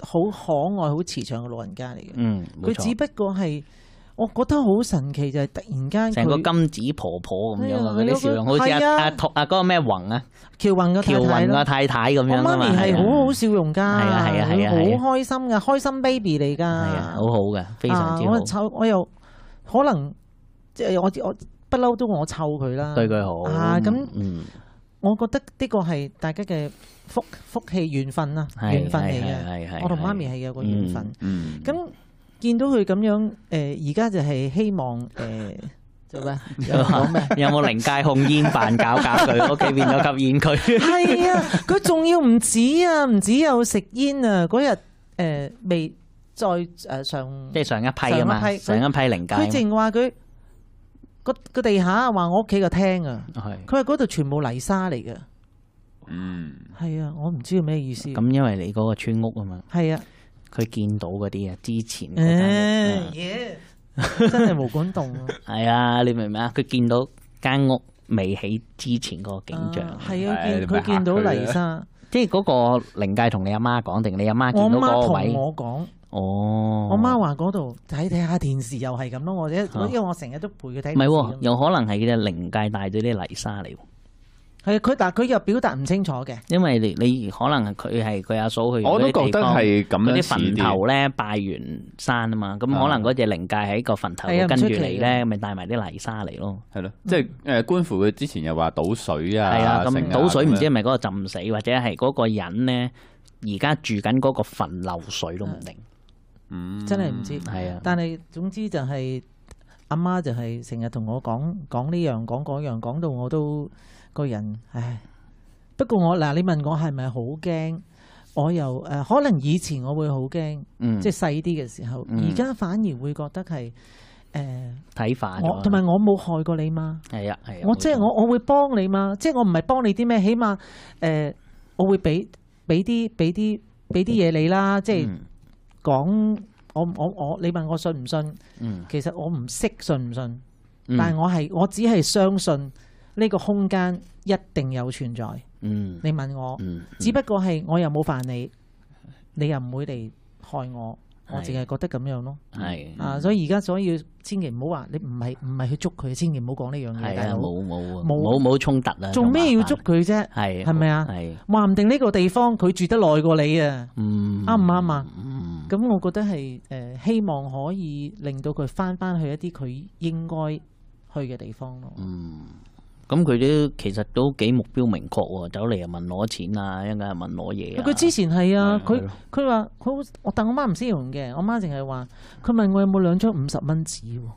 好可愛、好慈祥嘅老人家嚟嘅。嗯，佢只不過係，我覺得好神奇就係突然間成個金子婆婆咁樣啊，啲笑容，好似阿阿阿嗰個咩宏啊，喬宏啊，太太啦。喬宏嘅太太咁樣啊，媽咪係好好笑容㗎，係啊係啊係啊，好開心㗎，開心 baby 嚟㗎，係啊，好好嘅，非常之我湊我又可能即係我我不嬲都我湊佢啦，對佢好啊。咁嗯，我覺得呢個係大家嘅。福福氣、緣分啦，緣分嚟嘅。我同媽咪係有個緣分。咁見到佢咁樣，誒而家就係希望誒、呃、做咩？講咩麼？有冇靈界控煙辦搞搞佢屋企變咗吸煙區？係啊， 佢仲要唔止啊，唔止有食煙啊。嗰日誒未再誒、呃、上，即係上一批啊嘛。上一批，上一批靈界。佢淨話佢個個地下話我屋企個廳啊，佢話嗰度全部泥沙嚟嘅。嗯，係啊，我唔知道咩意思。咁因為你嗰個村屋啊嘛，係啊，佢見到嗰啲啊，之前，真係冇管動啊。係啊，你明唔明啊？佢見到間屋未起之前個景象。係啊，見佢見到泥沙。即係嗰個靈界同你阿媽講定，你阿媽見到嗰位。我媽同我講。哦。我媽話嗰度睇睇下電視又係咁咯，我一，因為我成日都陪佢睇。唔係，有可能係佢隻靈界帶咗啲泥沙嚟。係啊，佢，但係佢又表達唔清楚嘅。因為你你，可能佢係佢阿嫂去，我都覺得係咁樣啲墳頭咧拜完山啊嘛，咁可能嗰隻靈界喺個墳頭跟住嚟咧，咪帶埋啲泥沙嚟咯。係咯，即係誒官府佢之前又話倒水啊，係啊，咁倒水唔知係咪嗰個浸死，或者係嗰個人咧而家住緊嗰個墳漏水都唔定，嗯，真係唔知。係啊，但係總之就係阿媽就係成日同我講講呢樣講嗰樣，講到我都。個人，唉，不過我嗱，你問我係咪好驚？我又誒、呃，可能以前我會好驚，嗯、即係細啲嘅時候，而家、嗯、反而會覺得係誒睇法，同、呃、埋我冇害過你嘛？係啊，係啊、嗯，我即係我我會幫你嘛？即係我唔係幫你啲咩，起碼誒、呃、我會俾俾啲俾啲俾啲嘢你啦。即係講我我我，我，你問我信唔信？其實我唔識信唔信，但係我係我只係相信。呢個空間一定有存在。嗯，你問我，只不過係我又冇煩你，你又唔會嚟害我。我淨係覺得咁樣咯。係啊，所以而家所以千祈唔好話你唔係唔係去捉佢，千祈唔好講呢樣嘢。係啊，冇冇冇冇衝突啊！做咩要捉佢啫？係係咪啊？話唔定呢個地方佢住得耐過你啊？啱唔啱啊？咁我覺得係誒，希望可以令到佢翻翻去一啲佢應該去嘅地方咯。嗯。咁佢都其實都幾目標明確喎，走嚟又問攞錢啊，一陣間又問攞嘢。佢之前係啊，佢佢話好，但我媽唔識用嘅，我媽淨係話佢問我有冇兩張五十蚊紙喎。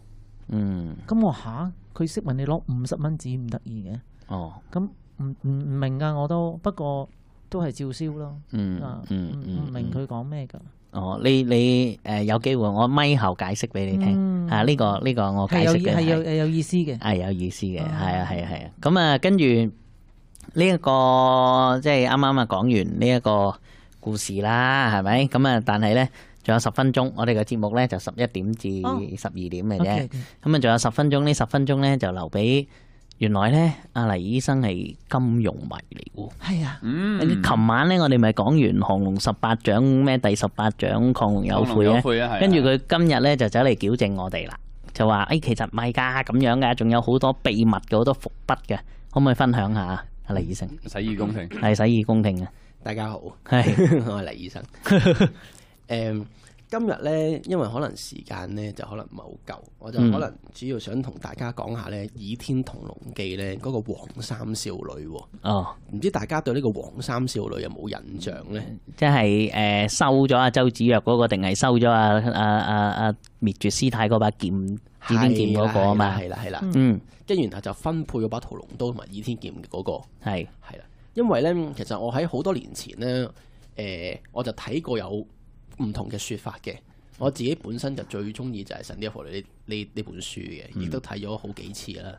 嗯，咁我吓，佢識問你攞五十蚊紙唔得意嘅。哦，咁唔唔唔明噶我都，不過都係照燒咯。嗯嗯嗯，唔明佢講咩噶。哦，你你誒有機會，我咪後解釋俾你聽嚇，呢、嗯啊呢個呢、呢個我解釋嘅係有意有，有意思嘅，係有意思嘅，係啊係啊係啊，咁啊，啊，啊跟住呢一個即係啱啱啊講完呢一個故事啦，係咪？咁啊，但係咧仲有十分鐘，我哋嘅節目咧就十一點至十二點嚟啫，咁啊仲有十分鐘，呢十分鐘咧就留俾。原來咧，阿黎醫生係金庸迷嚟噶。係啊，嗯，琴晚咧，我哋咪講完《降龍十八掌》咩第十八掌亢龍有悔咧，跟住佢今日咧就走嚟矯正我哋啦，就話誒其實唔係噶咁樣噶，仲有好多秘密嘅好多伏筆嘅，可唔可以分享下啊？阿黎醫生，洗耳恭聽，係洗耳恭聽啊！大家好，係我係黎醫生，誒。今日呢，因為可能時間呢，就可能唔係好夠，我就可能主要想同大家講下呢，《倚天屠龍記》呢，嗰個黃衫少女喎。唔、哦、知大家對呢個黃衫少女有冇印象呢？即係誒、呃、收咗阿周芷若嗰、那個，定係收咗阿阿阿阿滅絕師太嗰把劍倚天劍嗰個啊嘛？係啦、啊，係啦、啊，啊啊、嗯，跟住然後就分配咗把屠龍刀同埋倚天劍嘅嗰、那個。係係啦，因為呢，其實我喺好多年前呢，誒、呃、我就睇過有唔同嘅説法嘅，我自己本身就最中意就係、是《神鵰俠侶》呢呢本書嘅，亦都睇咗好幾次啦。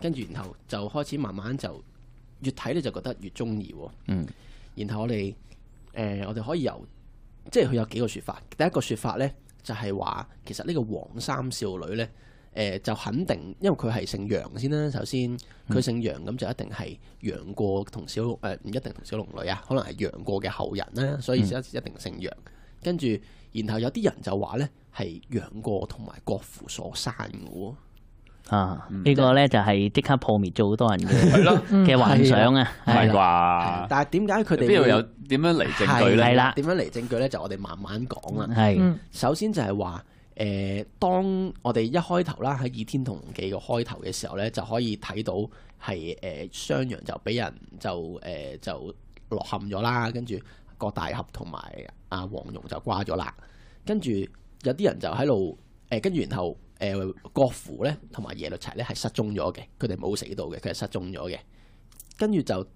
跟住，然後就開始慢慢就越睇咧，就覺得越中意。嗯，然後我哋誒、呃，我哋可以由即係佢有幾個説法。第一個説法呢，就係、是、話其實呢個黃衫少女呢，誒、呃、就肯定因為佢係姓楊先啦、啊。首先佢姓楊，咁就一定係楊過同小誒唔、呃、一定同小龍女啊，可能係楊過嘅後人啦，所以一一定姓楊。嗯嗯。跟住，然後有啲人就話呢係楊過同埋郭芙所生嘅喎。啊，呢個呢就係即刻破滅咗好多人嘅幻想啊，係啩？但係點解佢哋邊度有點樣嚟證據呢？係啦，點樣嚟證據呢？就我哋慢慢講啦。係，首先就係話，誒，當我哋一開頭啦，喺《倚天屠龍記》嘅開頭嘅時候呢，就可以睇到係誒襄陽就俾人就誒、呃、就落陷咗啦，跟住郭大俠同埋。啊！黃蓉就掛咗啦，跟住有啲人就喺度，誒、呃，跟住然後誒郭芙咧同埋耶律齊咧係失蹤咗嘅，佢哋冇死到嘅，佢係失蹤咗嘅。跟住就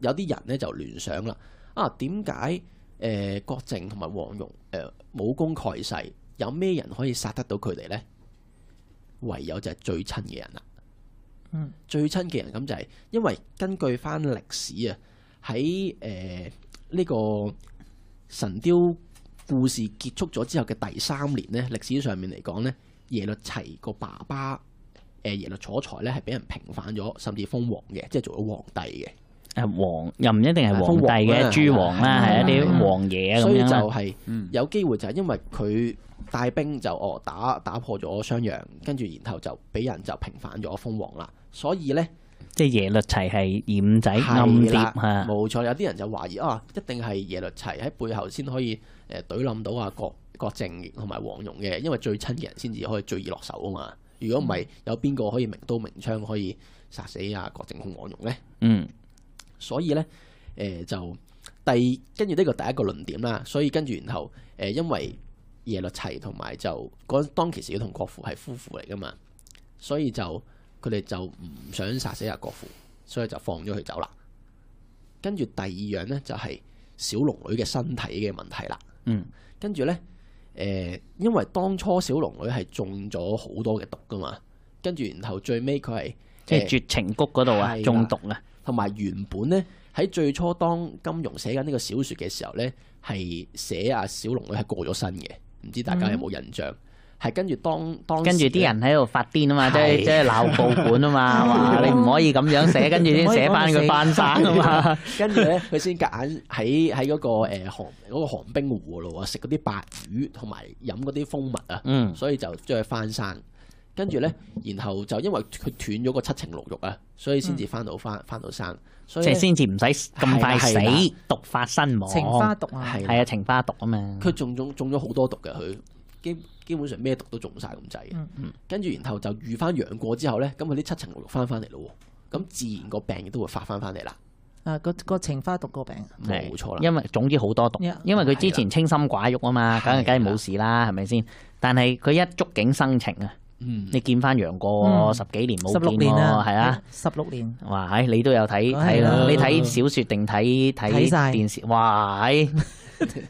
有啲人咧就聯想啦，啊點解誒郭靖同埋黃蓉誒、呃、武功蓋世，有咩人可以殺得到佢哋咧？唯有就係最親嘅人啦，嗯，最親嘅人咁就係、是，因為根據返歷史啊，喺誒呢個。神雕故事結束咗之後嘅第三年呢，歷史上面嚟講呢，耶律齊個爸爸，誒耶律楚材，呢係俾人平反咗，甚至封王嘅，即係做咗皇帝嘅。誒、啊、王又唔一定係皇帝嘅，諸王啦，係一啲王爺咁樣啦，所以就係有機會就係因為佢帶兵就哦打打破咗襄陽，跟住然後就俾人就平反咗封王啦，所以呢。即係耶律齊係嫌仔暗諜吓，冇錯的碟。有啲人就懷疑啊，一定係耶律齊喺背後先可以誒懟冧到阿郭郭靖同埋黃蓉嘅，因為最親嘅人先至可以最易落手啊嘛。如果唔係，有邊個可以明刀明槍可以殺死阿郭靖同黃蓉呢？嗯、所、呃，所以呢，誒就第跟住呢個第一個論點啦，所以跟住然後誒、呃、因為耶律齊同埋就嗰當其時要同郭芙係夫婦嚟噶嘛，所以就。佢哋就唔想殺死阿國父，所以就放咗佢走啦。跟住第二樣呢，就係小龍女嘅身體嘅問題啦。嗯，跟住呢，誒、呃，因為當初小龍女係中咗好多嘅毒㗎嘛，跟住然後最尾佢係即係絕情谷嗰度啊中毒啊，同埋原本呢，喺最初當金庸寫緊呢個小說嘅時候呢，係寫阿小龍女係過咗身嘅，唔知大家有冇印象？嗯嗯係跟住當當跟住啲人喺度發癲啊嘛，即係即係鬧報館啊嘛，話你唔可以咁樣寫，跟住先寫翻佢翻山啊嘛。跟住咧，佢先夾硬喺喺嗰個誒寒個寒冰湖度啊，食嗰啲白魚同埋飲嗰啲蜂蜜啊，所以就將佢翻山。跟住咧，然後就因為佢斷咗個七情六欲啊，所以先至翻到翻翻到山，所以先至唔使咁快死毒發身亡。情花毒啊，係啊，情花毒啊嘛。佢仲中中咗好多毒噶佢。基基本上咩毒都中唔曬咁滯嘅，跟住然後就遇翻楊過之後咧，咁佢啲七層六六翻翻嚟咯，咁自然個病亦都會發翻翻嚟啦。啊，個情花毒個病，冇錯啦。因為總之好多毒，因為佢之前清心寡欲啊嘛，梗係梗係冇事啦，係咪先？但係佢一觸景生情啊，你見翻楊過十幾年冇十六年？係啊，十六年。哇，你都有睇睇，你睇小説定睇睇電視？哇，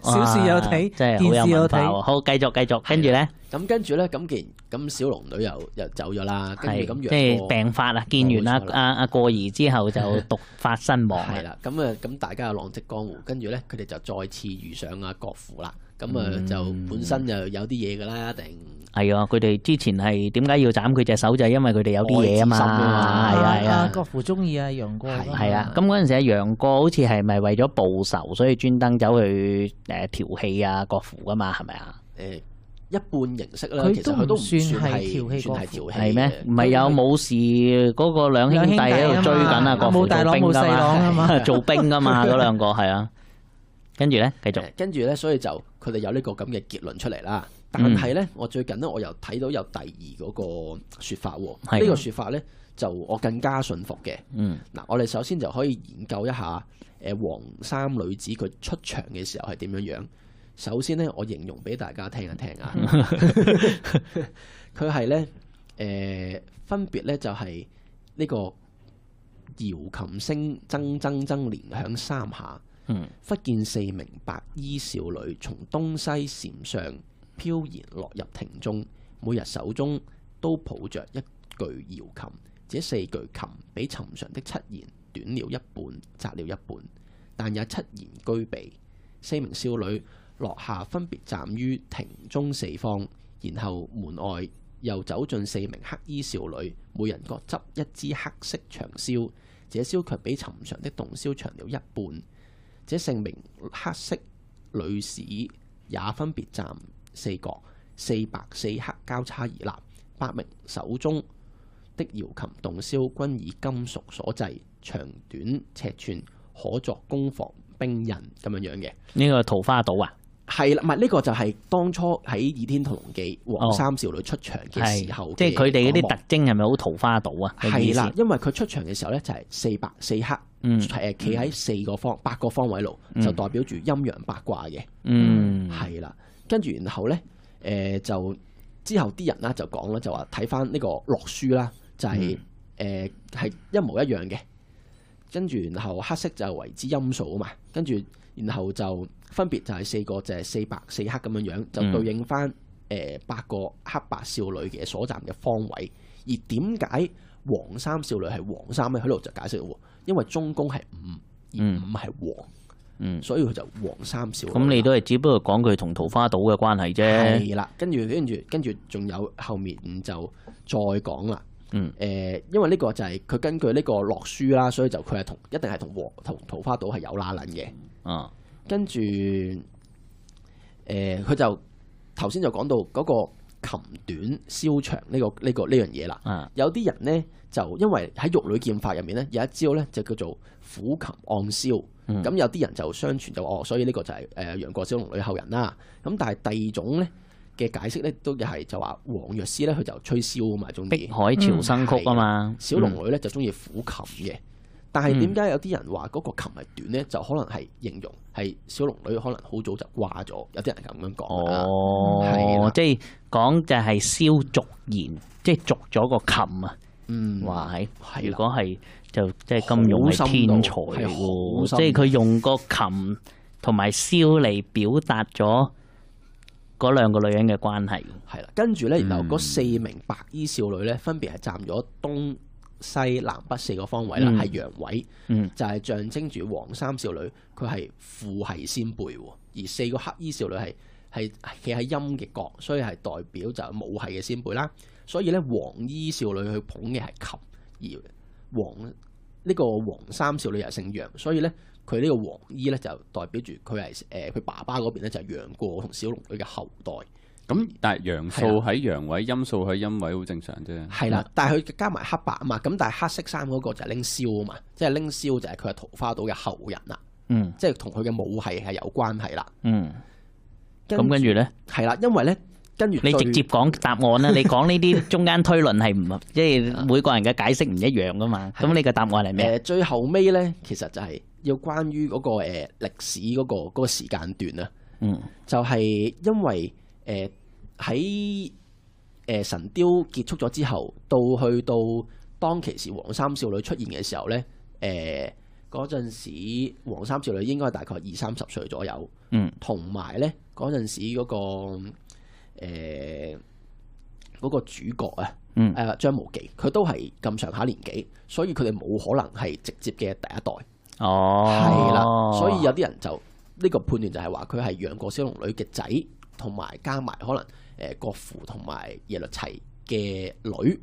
小事有睇，真係有睇。好，繼續繼續，繼續呢跟住咧，咁跟住咧，咁既然咁小龍女又又走咗啦。係的，即係病發啦，見完啦，阿阿過兒之後就毒發身亡。係啦，咁啊，咁大家有浪迹江湖，跟住咧，佢哋就再次遇上阿郭芙啦。咁啊，就本身就有啲嘢噶啦，一定係啊！佢哋之前係點解要斬佢隻手，就係因為佢哋有啲嘢啊嘛，係啊！郭芙中意啊，楊過係啊！咁嗰陣時啊，楊過好似係咪為咗報仇，所以專登走去誒調戲啊郭芙噶嘛，係咪啊？誒，一半形式啦，其實佢都算係調戲郭芙係咩？唔係有冇事？嗰個兩兄弟喺度追緊啊郭芙做兵噶嘛，做兵噶嘛，嗰兩個係啊。跟住咧，繼續。跟住咧，所以就。佢哋有呢個咁嘅結論出嚟啦，但係呢，我、嗯、最近呢，我又睇到有第二嗰個説法喎，呢、嗯、個説法呢，嗯、就我更加信服嘅。嗯，嗱，我哋首先就可以研究一下誒黃衫女子佢出場嘅時候係點樣樣？首先呢，我形容俾大家聽一聽啊，佢係呢，誒、呃、分別呢、呢個，就係呢個搖琴聲，增、增增增連響三下。忽見、 嗯、四名白衣少女從東西禪上飄然落入庭中，每日手中都抱着一具瑤琴。這四具琴比尋常的七弦短了一半，窄了一半，但也七弦俱備。四名少女落下，分別站於庭中四方。然後門外又走進四名黑衣少女，每人各執一支黑色長簫。這簫卻比尋常的洞簫長了一半。這姓名黑色女士也分別站四角，四白四黑交叉而立。八名手中的瑤琴洞簫均以金屬所製，長短尺寸可作攻防兵刃，咁樣樣嘅。呢個桃花島啊？係啦，唔係呢個就係當初喺《倚天屠龍記》黃三少女出場嘅時候，哦，即係佢哋嗰啲特徵係咪好桃花島啊？係啦，因為佢出場嘅時候呢，就係四白四黑，誒企喺四個方八個方位路，嗯、就代表住陰陽八卦嘅。嗯，係啦。跟住然後呢，誒、呃、就之後啲人啦就講啦，就話睇翻呢個洛書啦，就係誒係一模一樣嘅。跟住然後黑色就為之陰數啊嘛，跟住。然後就分別就係四個，就係四白四黑咁樣樣，就對應翻誒八個黑白少女嘅所站嘅方位。而點解黃三少女係黃三咧？喺度就解釋喎，因為中宮係五，而五係黃，嗯嗯，所以佢就黃三少女。咁、嗯嗯、你都係只不過講佢同桃花島嘅關係啫。係啦，跟住跟住跟住，仲有後面就再講啦。嗯，誒，因為呢個就係佢根據呢個洛書啦，所以就佢係同一定係同和同桃花島係有拉撚嘅。啊，嗯、跟住，誒、呃，佢就頭先就講到嗰個琴短簫長呢個呢、這個呢樣嘢啦。這個這個嗯、有啲人呢，就因為喺玉女劍法入面呢，有一招呢，就叫做撫琴按簫，咁、嗯、有啲人就相傳就哦，所以呢個就係誒楊過小龍女後人啦。咁但係第二種呢嘅解釋呢，都係就話黃藥師呢，佢就吹簫嘛，中意碧海潮生曲啊嘛、嗯，小龍女呢，就中意撫琴嘅。的但係點解有啲人話嗰個琴係短呢？就可能係形容係小龍女可能好早就掛咗，有啲人咁樣講。哦，係即係講就係簫竹言，即係燭咗個琴啊！嗯，話係如果係就即係金庸係天才嚟，即係佢用個琴同埋簫嚟表達咗嗰兩個女人嘅關係。係啦，跟住呢，然後嗰、嗯、四名白衣少女呢，分別係站咗東。西南北四個方位啦，係陽、嗯、位，嗯、就係象徵住黃衫少女，佢係父系先輩；而四個黑衣少女係係企喺陰極角，所以係代表就母系嘅先輩啦。所以咧，黃衣少女去捧嘅係琴，而黃呢、呢個黃衫少女又姓楊，所以咧佢呢個黃衣咧就代表住佢係誒佢爸爸嗰邊咧就係楊過同小龍女嘅後代。咁但係陽數喺陽位，陰數喺陰位，好正常啫。係啦，但係佢加埋黑白啊嘛。咁但係黑色衫嗰個就係拎燒啊嘛，即係拎燒就係佢係桃花島嘅後人啦。嗯，即係同佢嘅武係係有關係啦。嗯，咁跟住著咧，係啦，因為咧，跟住你直接講答案啦。 你講呢啲中間推論係唔，即係每個人嘅解釋唔一樣噶嘛。咁 你嘅答案係咩、嗯？最後尾咧，其實就係要關於嗰個誒歷史嗰個嗰個時間段啦。嗯，就係、是、因為誒。呃呃喺誒、呃、神雕結束咗之後，到去到當其時黃衫少女出現嘅時候呢，誒嗰陣時黃衫少女應該係大概二三十歲左右，嗯，同埋呢嗰陣時嗰、嗰個呃嗰個主角啊，誒、嗯啊、張無忌，佢都係咁上下年紀，所以佢哋冇可能係直接嘅第一代，哦，係啦，所以有啲人就呢、呢個判斷就係話佢係養過小龍女嘅仔，同埋加埋可能。誒郭芙同埋耶律齊嘅女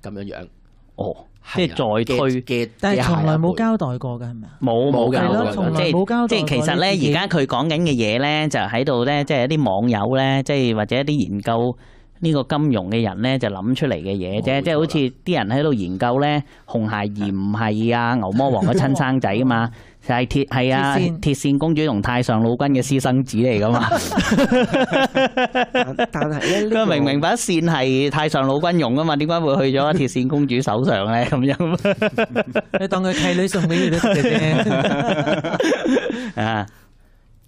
咁樣樣，哦，即係、啊、再推退嘅，但係從來冇交代過嘅，係咪啊？冇冇嘅，即係冇交，即係其實咧，而家佢講緊嘅嘢咧，就喺度咧，即係一啲網友咧，即係或者一啲研究。呢個金庸嘅人咧，就諗、是、出嚟嘅嘢啫，哦、即係好似啲人喺度研究咧，紅孩兒唔係啊牛魔王嘅親生仔啊嘛，就係、啊、鐵係線啊鐵線公主同太上老君嘅私生子嚟噶嘛。但係呢 但但、這個明明把線係太上老君用啊嘛，點解會去咗鐵線公主手上咧咁樣？ 你當佢契女送俾你都得嘅啫啊！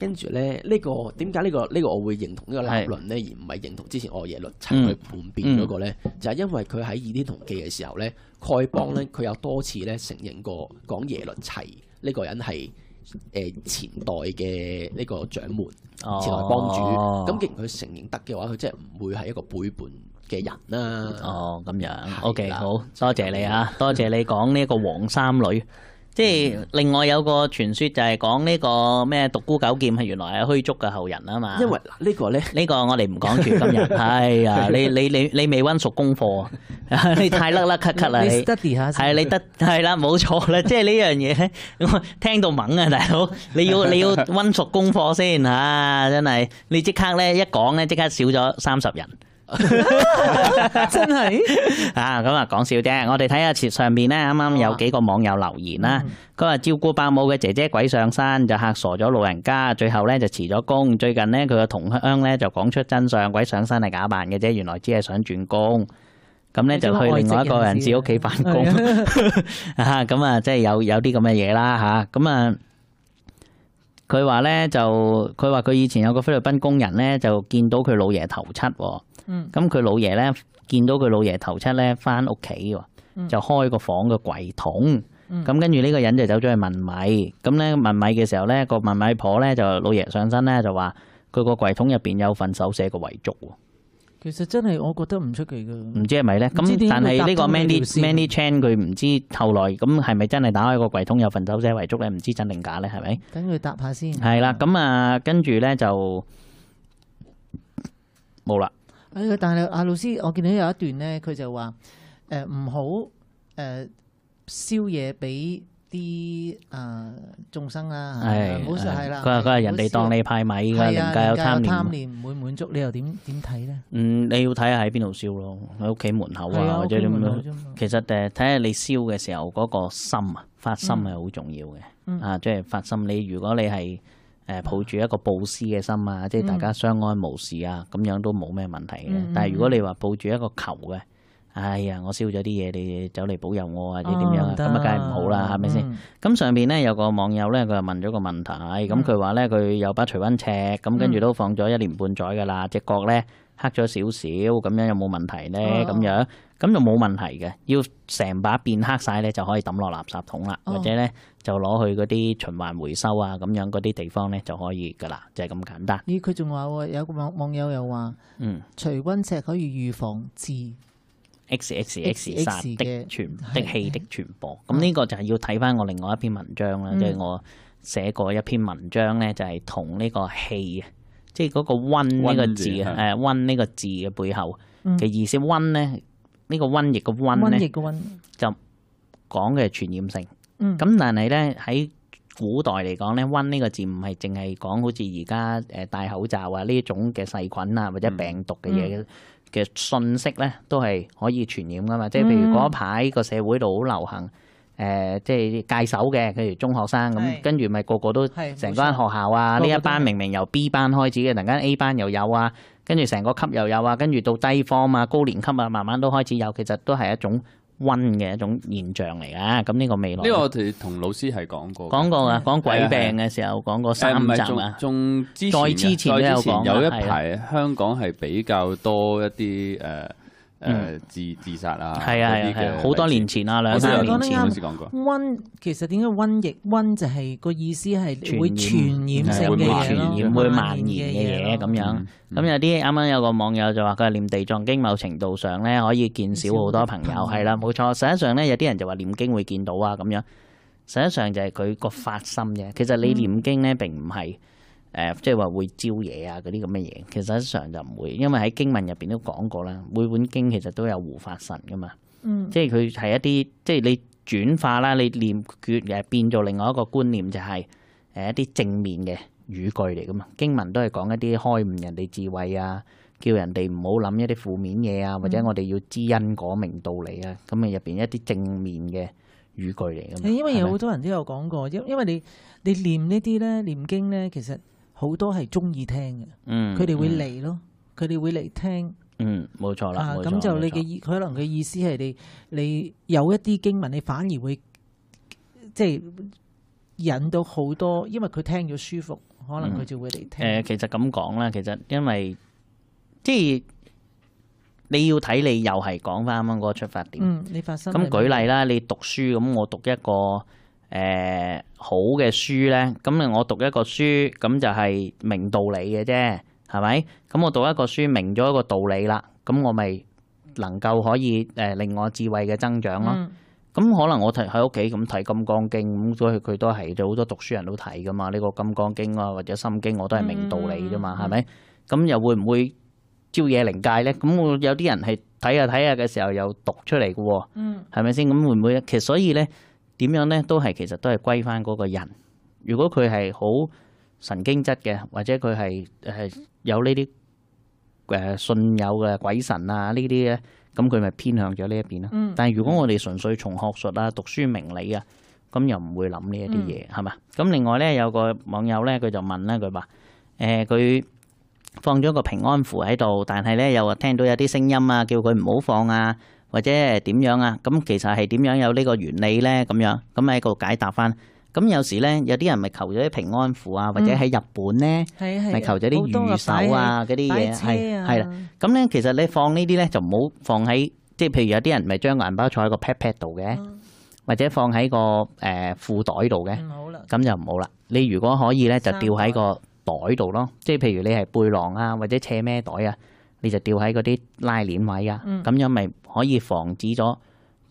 跟住咧，呢個點解呢個呢個我會認同呢個立論咧，而唔係認同之前我耶律齊叛變嗰個咧？就係因為佢喺《倚天同記》嘅時候咧，丐幫咧佢有多次咧承認過講耶律齊呢個人係誒前代嘅呢個掌門，前代幫主。咁既然佢承認得嘅話，佢即係唔會係一個背叛嘅人啦。哦，咁樣。O K，好多謝你啊，多謝你講呢一個黃衫女。即係另外有個傳説就係講呢個咩獨孤九劍係原來係虛竹嘅後人啊嘛，因為嗱，呢個咧呢個我哋唔講住今日，係啊你你你你未温熟功課啊， 你太甩甩咳咳啦，你得 study 下係你得係啦，冇錯啦，即係呢樣嘢聽到懵啊，大佬你要你要温熟功課先嚇，啊，真係你即刻咧一講咧即刻少咗三十人。真係啊！咁啊講笑啫，我哋睇下上面咧，啱啱有幾個網友留言啦。佢話照顧伯母嘅姐姐鬼上山，就吓傻咗老人家，最後咧就辭咗工。最近咧佢個同鄉咧就講出真相，鬼上山係假扮嘅啫，原來只係想轉工。咁咧就去另外一個人自己屋企返工啊！咁啊，即係有有啲咁嘅嘢啦吓，咁啊。佢話咧就，佢話佢以前有個菲律賓工人咧就見到佢老爺頭七喎，咁佢、嗯、老爺咧見到佢老爺頭七咧返屋企喎，就開個房個櫃桶，咁跟住呢個人就走咗去問米，咁咧問米嘅時候咧、個問米婆咧就老爺上身咧就話佢個櫃桶入邊有份手寫嘅遺囑。其實真係我覺得唔出奇噶，唔知係咪咧？咁但係呢個 Many Many Chan 佢唔知後來咁係咪真係打開個櫃桶有份手寫遺囑咧？唔知真定假咧？係咪？等佢答下先。係啦，咁啊，跟住咧就冇啦。哎但係阿老師，我見到有一段咧，佢就話誒唔好誒燒嘢俾。呃啲誒眾生啊，冇錯係啦。佢話，佢話人哋當你派米嘅，人家有貪念，貪念唔會滿足，你又點點睇咧？嗯，你要睇下喺邊度燒咯，喺屋企門口啊，或者點樣？其實誒，睇下你燒嘅時候嗰個心啊，發心係好重要嘅。啊，即係發心，你如果你係誒抱住一個布施嘅心啊，即係大家相安無事啊，咁樣都冇咩問題嘅。但係如果你話抱住一個求嘅，哎呀！我燒咗啲嘢，你走嚟保佑我，或者點樣啊？咁啊、哦，梗係唔好啦，係咪先？咁上邊咧有個網友咧，佢又問咗個問題。咁佢話咧，佢有把除溫尺，咁、嗯、跟住都放咗一年半載噶啦，隻、嗯、角咧黑咗少少，咁樣有冇問題咧？咁、哦、樣咁就冇問題嘅，要成把變黑晒咧就可以抌落垃圾桶啦，哦、或者咧就攞去嗰啲循環回收啊，咁樣嗰啲地方咧就可以噶啦，就係、是、咁簡單。咦？佢仲話有個網網友又話，嗯，除溫尺可以預防治。X X X 殺的傳的氣的傳播，咁呢個就係要睇翻我另外一篇文章啦，即係我寫過一篇文章咧，就係同呢個氣啊，即係嗰個瘟呢個字啊，誒瘟呢個字嘅背後嘅意思，瘟咧呢個瘟疫嘅瘟咧，就講嘅係傳染性。嗯，咁但係咧喺古代嚟講咧，瘟呢個字唔係淨係講好似而家誒戴口罩啊呢種嘅細菌啊或者病毒嘅嘢。嘅信息咧都係可以傳染噶嘛，即係譬如嗰一排個社會度好流行，誒、嗯呃、即係介手嘅，譬如中學生咁，是跟住咪個個都成間學校啊，呢一班明明由 B 班開始嘅，突然間 A 班又有啊，跟住成個級又有啊，跟住到低方啊，高年級啊，慢慢都開始有，其實都係一種。瘟嘅一種現象嚟啊！咁呢個未來呢個我哋同老師係講過，講過啊，講鬼病嘅時候講的過三五集啊，仲之，前再，之前再之前有一排香港係比較多一啲誒。的誒自自殺啊，係啊係啊，好多年前啊，兩三年前。我之前講，啱啱先講過瘟，其實點解瘟疫瘟就係個意思係會傳染性嘅嘢，會蔓延嘅嘢咁樣。咁有啲啱啱有個網友就話佢係念地藏經，某程度上咧可以見少好多朋友，係啦冇錯。實際上咧有啲人就話念經會見到啊咁樣。實際上就係佢個發心嘅。其實你念經咧並唔係。誒，即係話會招嘢啊嗰啲咁嘅嘢，其實通常就唔會，因為喺經文入邊都講過啦。每本經其實都有護法神㗎嘛。嗯，即係佢係一啲即係你轉化啦，你念缺誒變做另外一個觀念，就係，就係誒一啲正面嘅語句嚟㗎嘛。經文都係講一啲開悟人哋智慧啊，叫人哋唔好諗一啲負面嘢啊，或者我哋要知因果明道理啊。咁啊入邊一啲正面嘅語句嚟㗎嘛。因為有好多人都有講過，因吧因為你你念呢啲咧，念經咧，其實。好多係中意聽嘅，佢哋會嚟咯，佢哋會嚟聽。嗯，冇錯啦。咁就你嘅意，可能佢意思係你，你有一啲經文，你反而會即係引到好多，因為佢聽咗舒服，可能佢就會嚟聽。誒，其實咁講啦，其實因為即係你要睇你又係講返啱啱嗰個出發點。嗯，你發生咁舉例啦，你讀書咁，我讀一個。誒、呃、好嘅書咧，咁我讀一個書，咁就係明道理嘅啫，係咪？咁我讀一個書，明咗一個道理啦，咁我咪能夠可以誒、呃、令我智慧嘅增長咯。咁、嗯、可能我睇喺屋企咁睇《金剛經》，咁所以佢都係好多讀書人都睇噶嘛。呢、這個《金剛經》啊或者《心經》，我都係明道理啫嘛，係咪？咁、嗯、又會唔會朝野靈界咧？咁我有啲人係睇下睇下嘅時候又讀出嚟嘅喎，係咪先？咁會唔會？其實所以咧。點樣咧？都係其實都係歸翻嗰個人。如果佢係好神經質嘅，或者佢係誒有呢啲誒信有嘅鬼神啊呢啲咧，咁佢咪偏向咗呢一邊咯。嗯、但係如果我哋純粹從學術啊、讀書明理啊，咁又唔會諗呢一啲嘢係嘛？咁、嗯、另外咧，有個網友咧，佢就問咧，佢話誒佢放咗個平安符喺度，但係咧又話聽到有啲聲音啊，叫佢唔好放啊。或者點樣啊？咁其實係點樣有呢個原理咧？咁樣咁喺度解答翻。咁有時咧，有啲人咪求咗啲平安符啊，或者喺日本咧，咪求咗啲魚手啊嗰啲嘢，係係啦。咁咧，其實你放呢啲咧，就唔好放喺即係譬如有啲人咪將個銀包坐喺個 pat pat 度嘅，或者放喺個誒褲袋度嘅。嗯，好啦。咁就唔好啦。你如果可以咧，就吊喺個袋度咯。即係譬如你係背囊啊，或者斜孭袋啊。你就吊喺嗰啲拉鏈位啊，咁、嗯、樣咪可以防止咗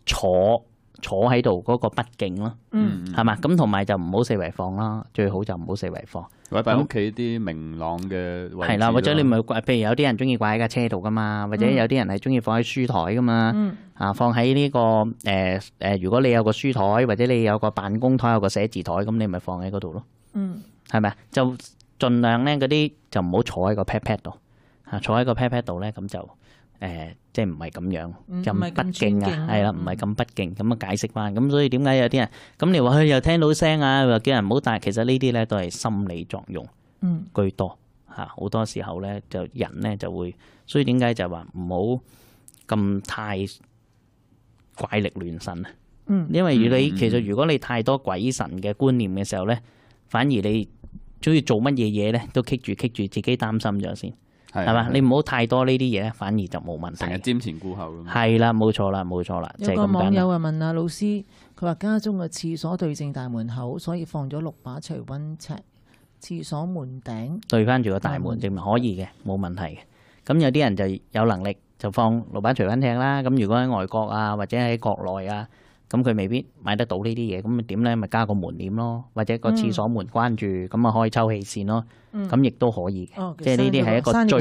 坐坐喺度嗰個不敬咯，係嘛、嗯？咁同埋就唔好四圍放啦，最好就唔好四圍放。喺屋企啲明朗嘅位置。係啦，或者你咪譬如有啲人中意掛喺架車度噶嘛，或者有啲人係中意放喺書台噶嘛，嗯、啊放喺呢、這個誒誒、呃，如果你有個書台或者你有個辦公台有個寫字台，咁你咪放喺嗰度咯。嗯，係咪啊？就盡量咧嗰啲就唔好坐喺個 pat pat 度。啊！坐喺個 p a 度咧，咁就誒、呃，即係唔係咁樣咁、嗯、不敬啊？係啦、嗯，唔係咁不敬咁啊，嗯、解釋翻咁，所以點解有啲人咁你話佢又聽到聲啊，又叫人唔好帶，其實呢啲咧都係心理作用居多嚇。好、嗯、多時候咧，就人咧就會，所以點解就係話唔好咁太怪力亂神啊、嗯？嗯，因為如果你其實如果你太多鬼神嘅觀念嘅時候咧，反而你中意做乜嘢嘢咧，都棘住棘住，住，自己擔心咗先。係嘛？你唔好太多呢啲嘢，反而就冇問題。成日瞻前顧後咁。係啦，冇錯啦，冇錯啦，就係咁簡單。有個網友啊問阿老師，佢話家中嘅廁所對正大門口，所以放咗六把除瘟尺。廁所門頂對翻住個大門，證明可以嘅，冇問題嘅。咁有啲人就有能力就放六把除瘟尺啦。咁如果喺外國啊，或者喺國內啊。咁佢未必買得到呢啲嘢，咁咪點咧？咪加個門簾咯，或者個廁所門關住，咁啊開抽氣扇咯，咁亦都可以嘅。嗯、即係呢啲係一個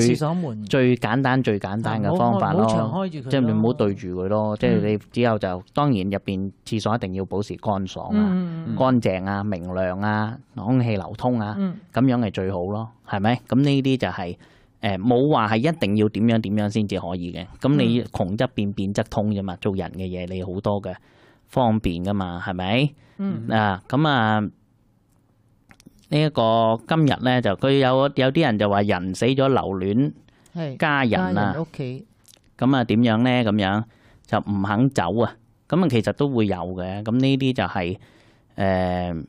最最簡單、最簡單嘅方法咯。嗯嗯、即係你唔好對住佢咯，即係你之後就當然入邊廁所一定要保持乾爽啊、嗯嗯、乾淨啊、明亮啊、空氣流通啊，咁、嗯、樣係最好咯，係咪？咁呢啲就係誒冇話係一定要點樣點樣先至可以嘅。咁你窮則變，變則通啫嘛。做人嘅嘢你好多嘅。方便㗎嘛，係咪？啊，咁啊，呢一個今日咧就佢有有啲人就話人死咗留戀家人啊，屋企咁啊點樣咧？咁樣就唔肯走啊！咁啊，其實都會有嘅。咁呢啲就係誒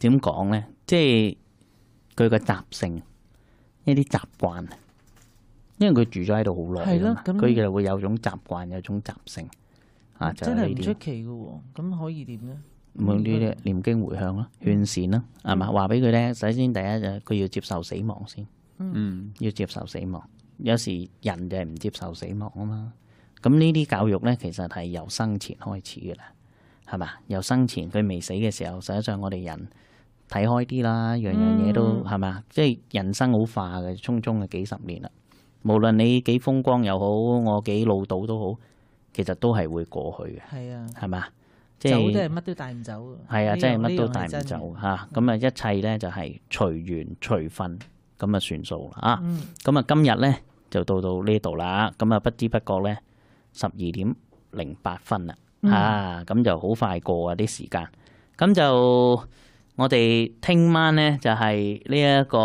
點講咧？即係佢個習性，一啲習慣啊，因為佢住咗喺度好耐，係啦，咁佢就會有種習慣，有種習性。啊就是、真係唔出奇嘅喎。哦，咁可以點咧？用啲念經回向啦，勸善啦，係嘛，嗯，話俾佢聽，首先第一就佢要接受死亡先，嗯，要接受死亡。有時人就係唔接受死亡啊嘛。咁呢啲教育咧，其實係由生前開始嘅啦，係嘛？由生前佢未死嘅時候，實際上我哋人睇開啲啦，樣樣嘢都係嘛？即係、嗯就是、人生好化嘅，匆匆嘅幾十年啦。無論你幾風光又好，我幾老到都好。其實都係會過去嘅，係啊，係咪？即係真係乜都帶唔走，係啊，即係乜都帶唔走吓。咁啊，一切咧就係隨緣隨分，咁啊算數啦啊。咁、嗯、啊，今日咧就到到呢度啦。咁啊，不知不覺咧十二點零八分啦，啊，咁就好快過啊啲時間，咁就。我哋聽晚咧就係呢一個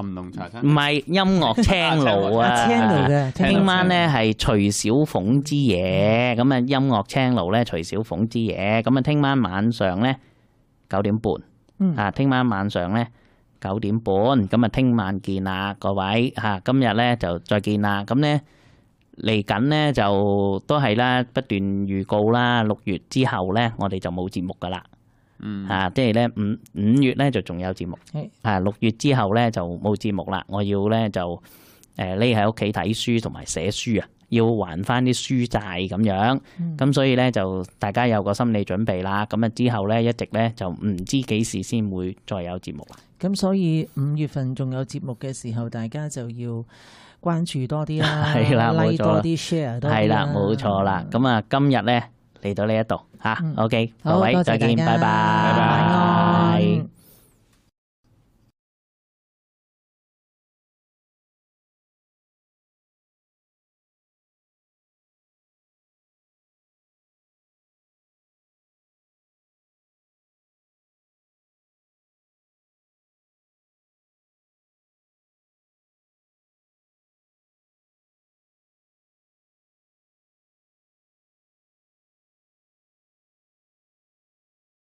冚隆茶山，唔係音樂青蘆啊！聽晚咧係徐小鳳之夜，咁啊音樂青蘆咧徐小鳳之夜，咁啊聽晚晚上咧九點半，啊聽晚晚上咧九點半，咁啊聽晚見啊各位嚇，今日咧就再見啦，咁咧嚟緊咧就都係啦，不斷預告啦，六月之後咧我哋就冇節目噶啦。嗯，啊，即係咧五五月咧就仲有節目，啊，係，六月之後咧就冇節目啦。我要咧就誒匿喺屋企睇書同埋寫書啊，要還翻啲書債咁樣。咁、嗯、所以咧就大家有個心理準備啦。咁啊之後咧一直咧就唔知幾時先會再有節目啦。咁所以五月份仲有節目嘅時候，大家就要關注多啲啦，拉、like、多啲 share，係啦，冇錯啦。咁啊，今日咧嚟到呢一度。嚇，OK，好，多謝大家，各位，再見，拜拜。